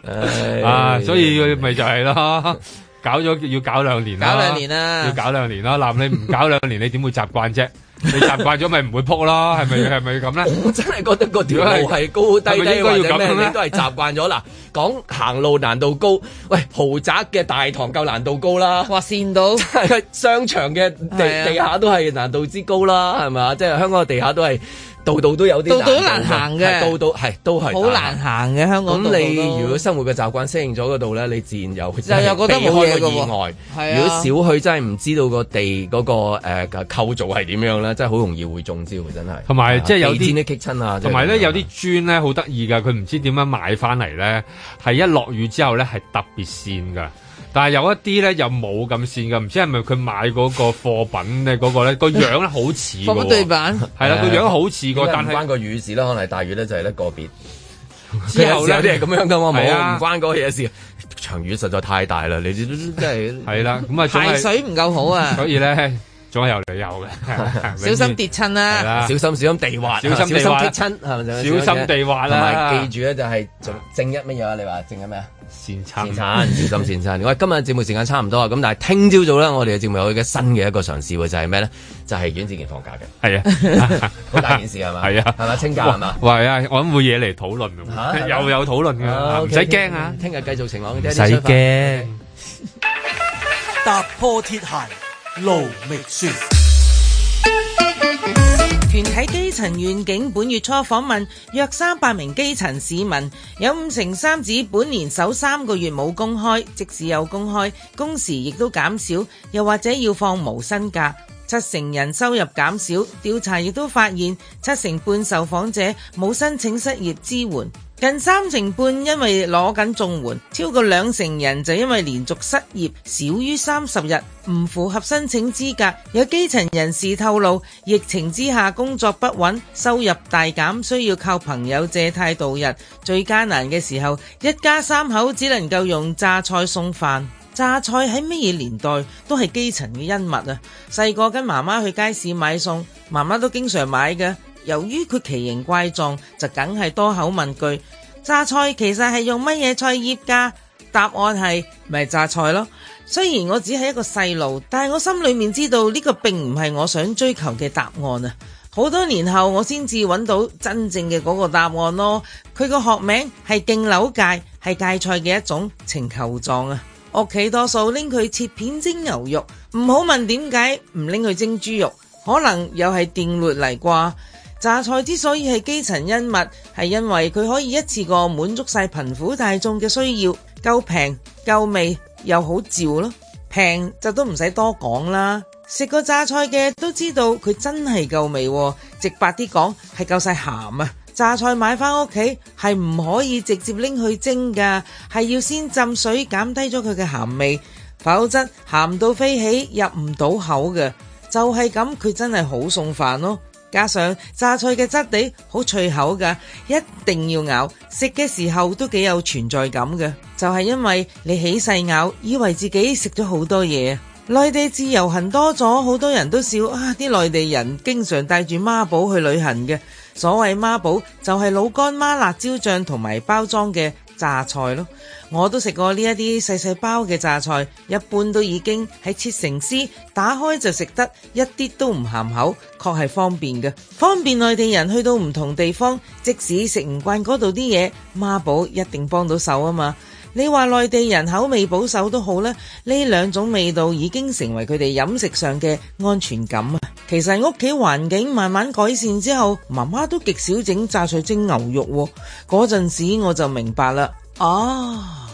啊，所以咪就係咯，搞咗要搞兩年，搞兩年啦，要搞兩年啦，嗱，你唔搞兩年，你點會習慣啫？ 你習慣咗咪唔會扑啦，係咪係咪咁咧？是是呢我真係覺得個條路係高低或者咩都係習慣咗。嗱，講行路難度高，喂，豪宅嘅大堂夠難度高啦。劃線到 商場嘅地 地下都係難度之高啦，係咪啊？即、就、係、是、香港嘅地下都係。道道都有啲難，難行嘅，道道係都係好難，難行嘅香港。你如果生活嘅習慣適應咗嗰度咧，你自然有就又覺得冇意外。啊、如果少去，真係唔知道地、那個地嗰個誒構造係點樣咧，真係好容易會中招。有真係。同埋有吧即係有啲啲棘親啊，同埋咧有啲磚咧好得意㗎，佢唔知點樣買翻嚟咧，係一落雨之後咧係特別跣㗎。但係有一啲咧又冇咁鮮嘅，唔知係咪佢買嗰個貨品咧嗰個咧個樣好似貨品對版，係啦個樣好似個，但係唔關個雨事啦，可能大雨咧就係咧個別，之後有啲係咁樣嘅，我冇唔關嗰嘢事，場雨實在太大啦，你知都真係係啦，咁啊排水唔夠好啊，所以咧。左旅遊嘅，小心跌親啦，小心小心地滑，小心跌親，小心地滑啦，同埋記住咧就係正一乜嘢啊？你話正一咩啊？跣親，跣親，小心跣親。喂，今日節目時間差唔多啦，咁但係聽朝早咧，我哋嘅節目有嘅新嘅一個嘗試喎，就係咩咧？就係元旦期間放假嘅，係啊，好大件事係嘛？係啊，係嘛？清假係嘛？喂，啊，我諗會嘢嚟討論又有討論嘅，唔使驚啊！聽日繼續晴朗，唔使驚，踏破鐵鞋。勞明說，團體基層願景本月初訪問約三百名基層市民，有五成三指本年首三個月冇工開，即使有工開，工時亦都減少，又或者要放無薪假，七成人收入減少。調查亦都發現，七成半受訪者冇申請失業支援。近三成半因為攞緊綜援，超過兩成人就因為連續失業少於三十日，唔符合申請資格。有基層人士透露，疫情之下工作不穩，收入大減，需要靠朋友借貸度日。最艱難嘅時候，一家三口只能夠用榨菜送飯。榨菜喺乜嘢年代都係基層嘅恩物啊！細個跟媽媽去街市買餸，媽媽都經常買嘅。由於佢奇形怪狀，就梗係多口問句：榨菜其實係用乜嘢菜葉噶？答案係咪、就是、榨菜咯？雖然我只係一個細路，但係我心裏面知道呢個並唔係我想追求嘅答案啊！好多年後，我先至揾到真正嘅嗰個答案咯。佢個學名係勁柳芥，係芥菜嘅一種，呈球狀啊。屋企多數拎佢切片蒸牛肉，唔好問點解唔拎佢蒸豬肉，可能又係定律嚟啩？榨菜之所以係基層恩物，係因為佢可以一次過滿足晒貧苦大眾嘅需要，夠平、夠味又好照咯。平就都唔使多講啦，食過榨菜嘅都知道佢真係夠味。直白啲講係夠晒鹹啊！榨菜買返屋企係唔可以直接拎去蒸㗎，係要先浸水減低咗佢嘅鹹味，否則鹹到飛起入唔到口嘅。就係咁，佢真係好送飯咯。加上榨菜嘅質地好脆口㗎，一定要咬，食嘅時候都幾有存在感嘅，就係、是、因為你起勢咬，以為自己食咗好多嘢。內地自由行多咗，好多人都笑啊！啲內地人經常帶住孖寶去旅行嘅，所謂孖寶就係、是、老乾媽辣椒醬同埋包裝嘅。榨菜咯，我都食過呢一啲細細包嘅榨菜，一般都已經喺切成絲，打開就食得，一啲都唔咸口，確係方便嘅，方便內地人去到唔同地方，即使食唔慣嗰度啲嘢，媽寶一定幫到手啊嘛。你話內地人口味保守都好咧，呢兩種味道已經成為佢哋飲食上嘅安全感啊！其實屋企環境慢慢改善之後，媽媽都極少整榨菜蒸牛肉喎。嗰陣時我就明白啦，啊，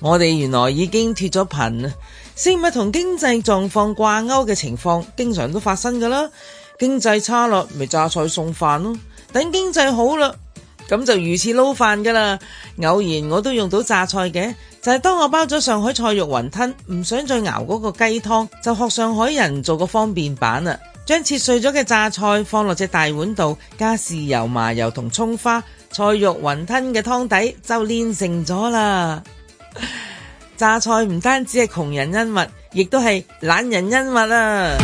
我哋原來已經脫咗貧啊！食物同經濟狀況掛鈎嘅情況，經常都發生噶啦。經濟差落，咪榨菜餸飯咯。等經濟好啦～咁就魚翅撈飯噶啦。偶然我都用到榨菜嘅，就係當我包咗上海菜肉雲吞，唔想再熬嗰個雞湯，就學上海人做個方便版啦，將切碎咗嘅榨菜放落隻大碗度，加豉油、麻油同蔥花，菜肉雲吞嘅湯底就煉成咗啦。 榨菜唔單止係窮人恩物，亦都係懶人恩物啊！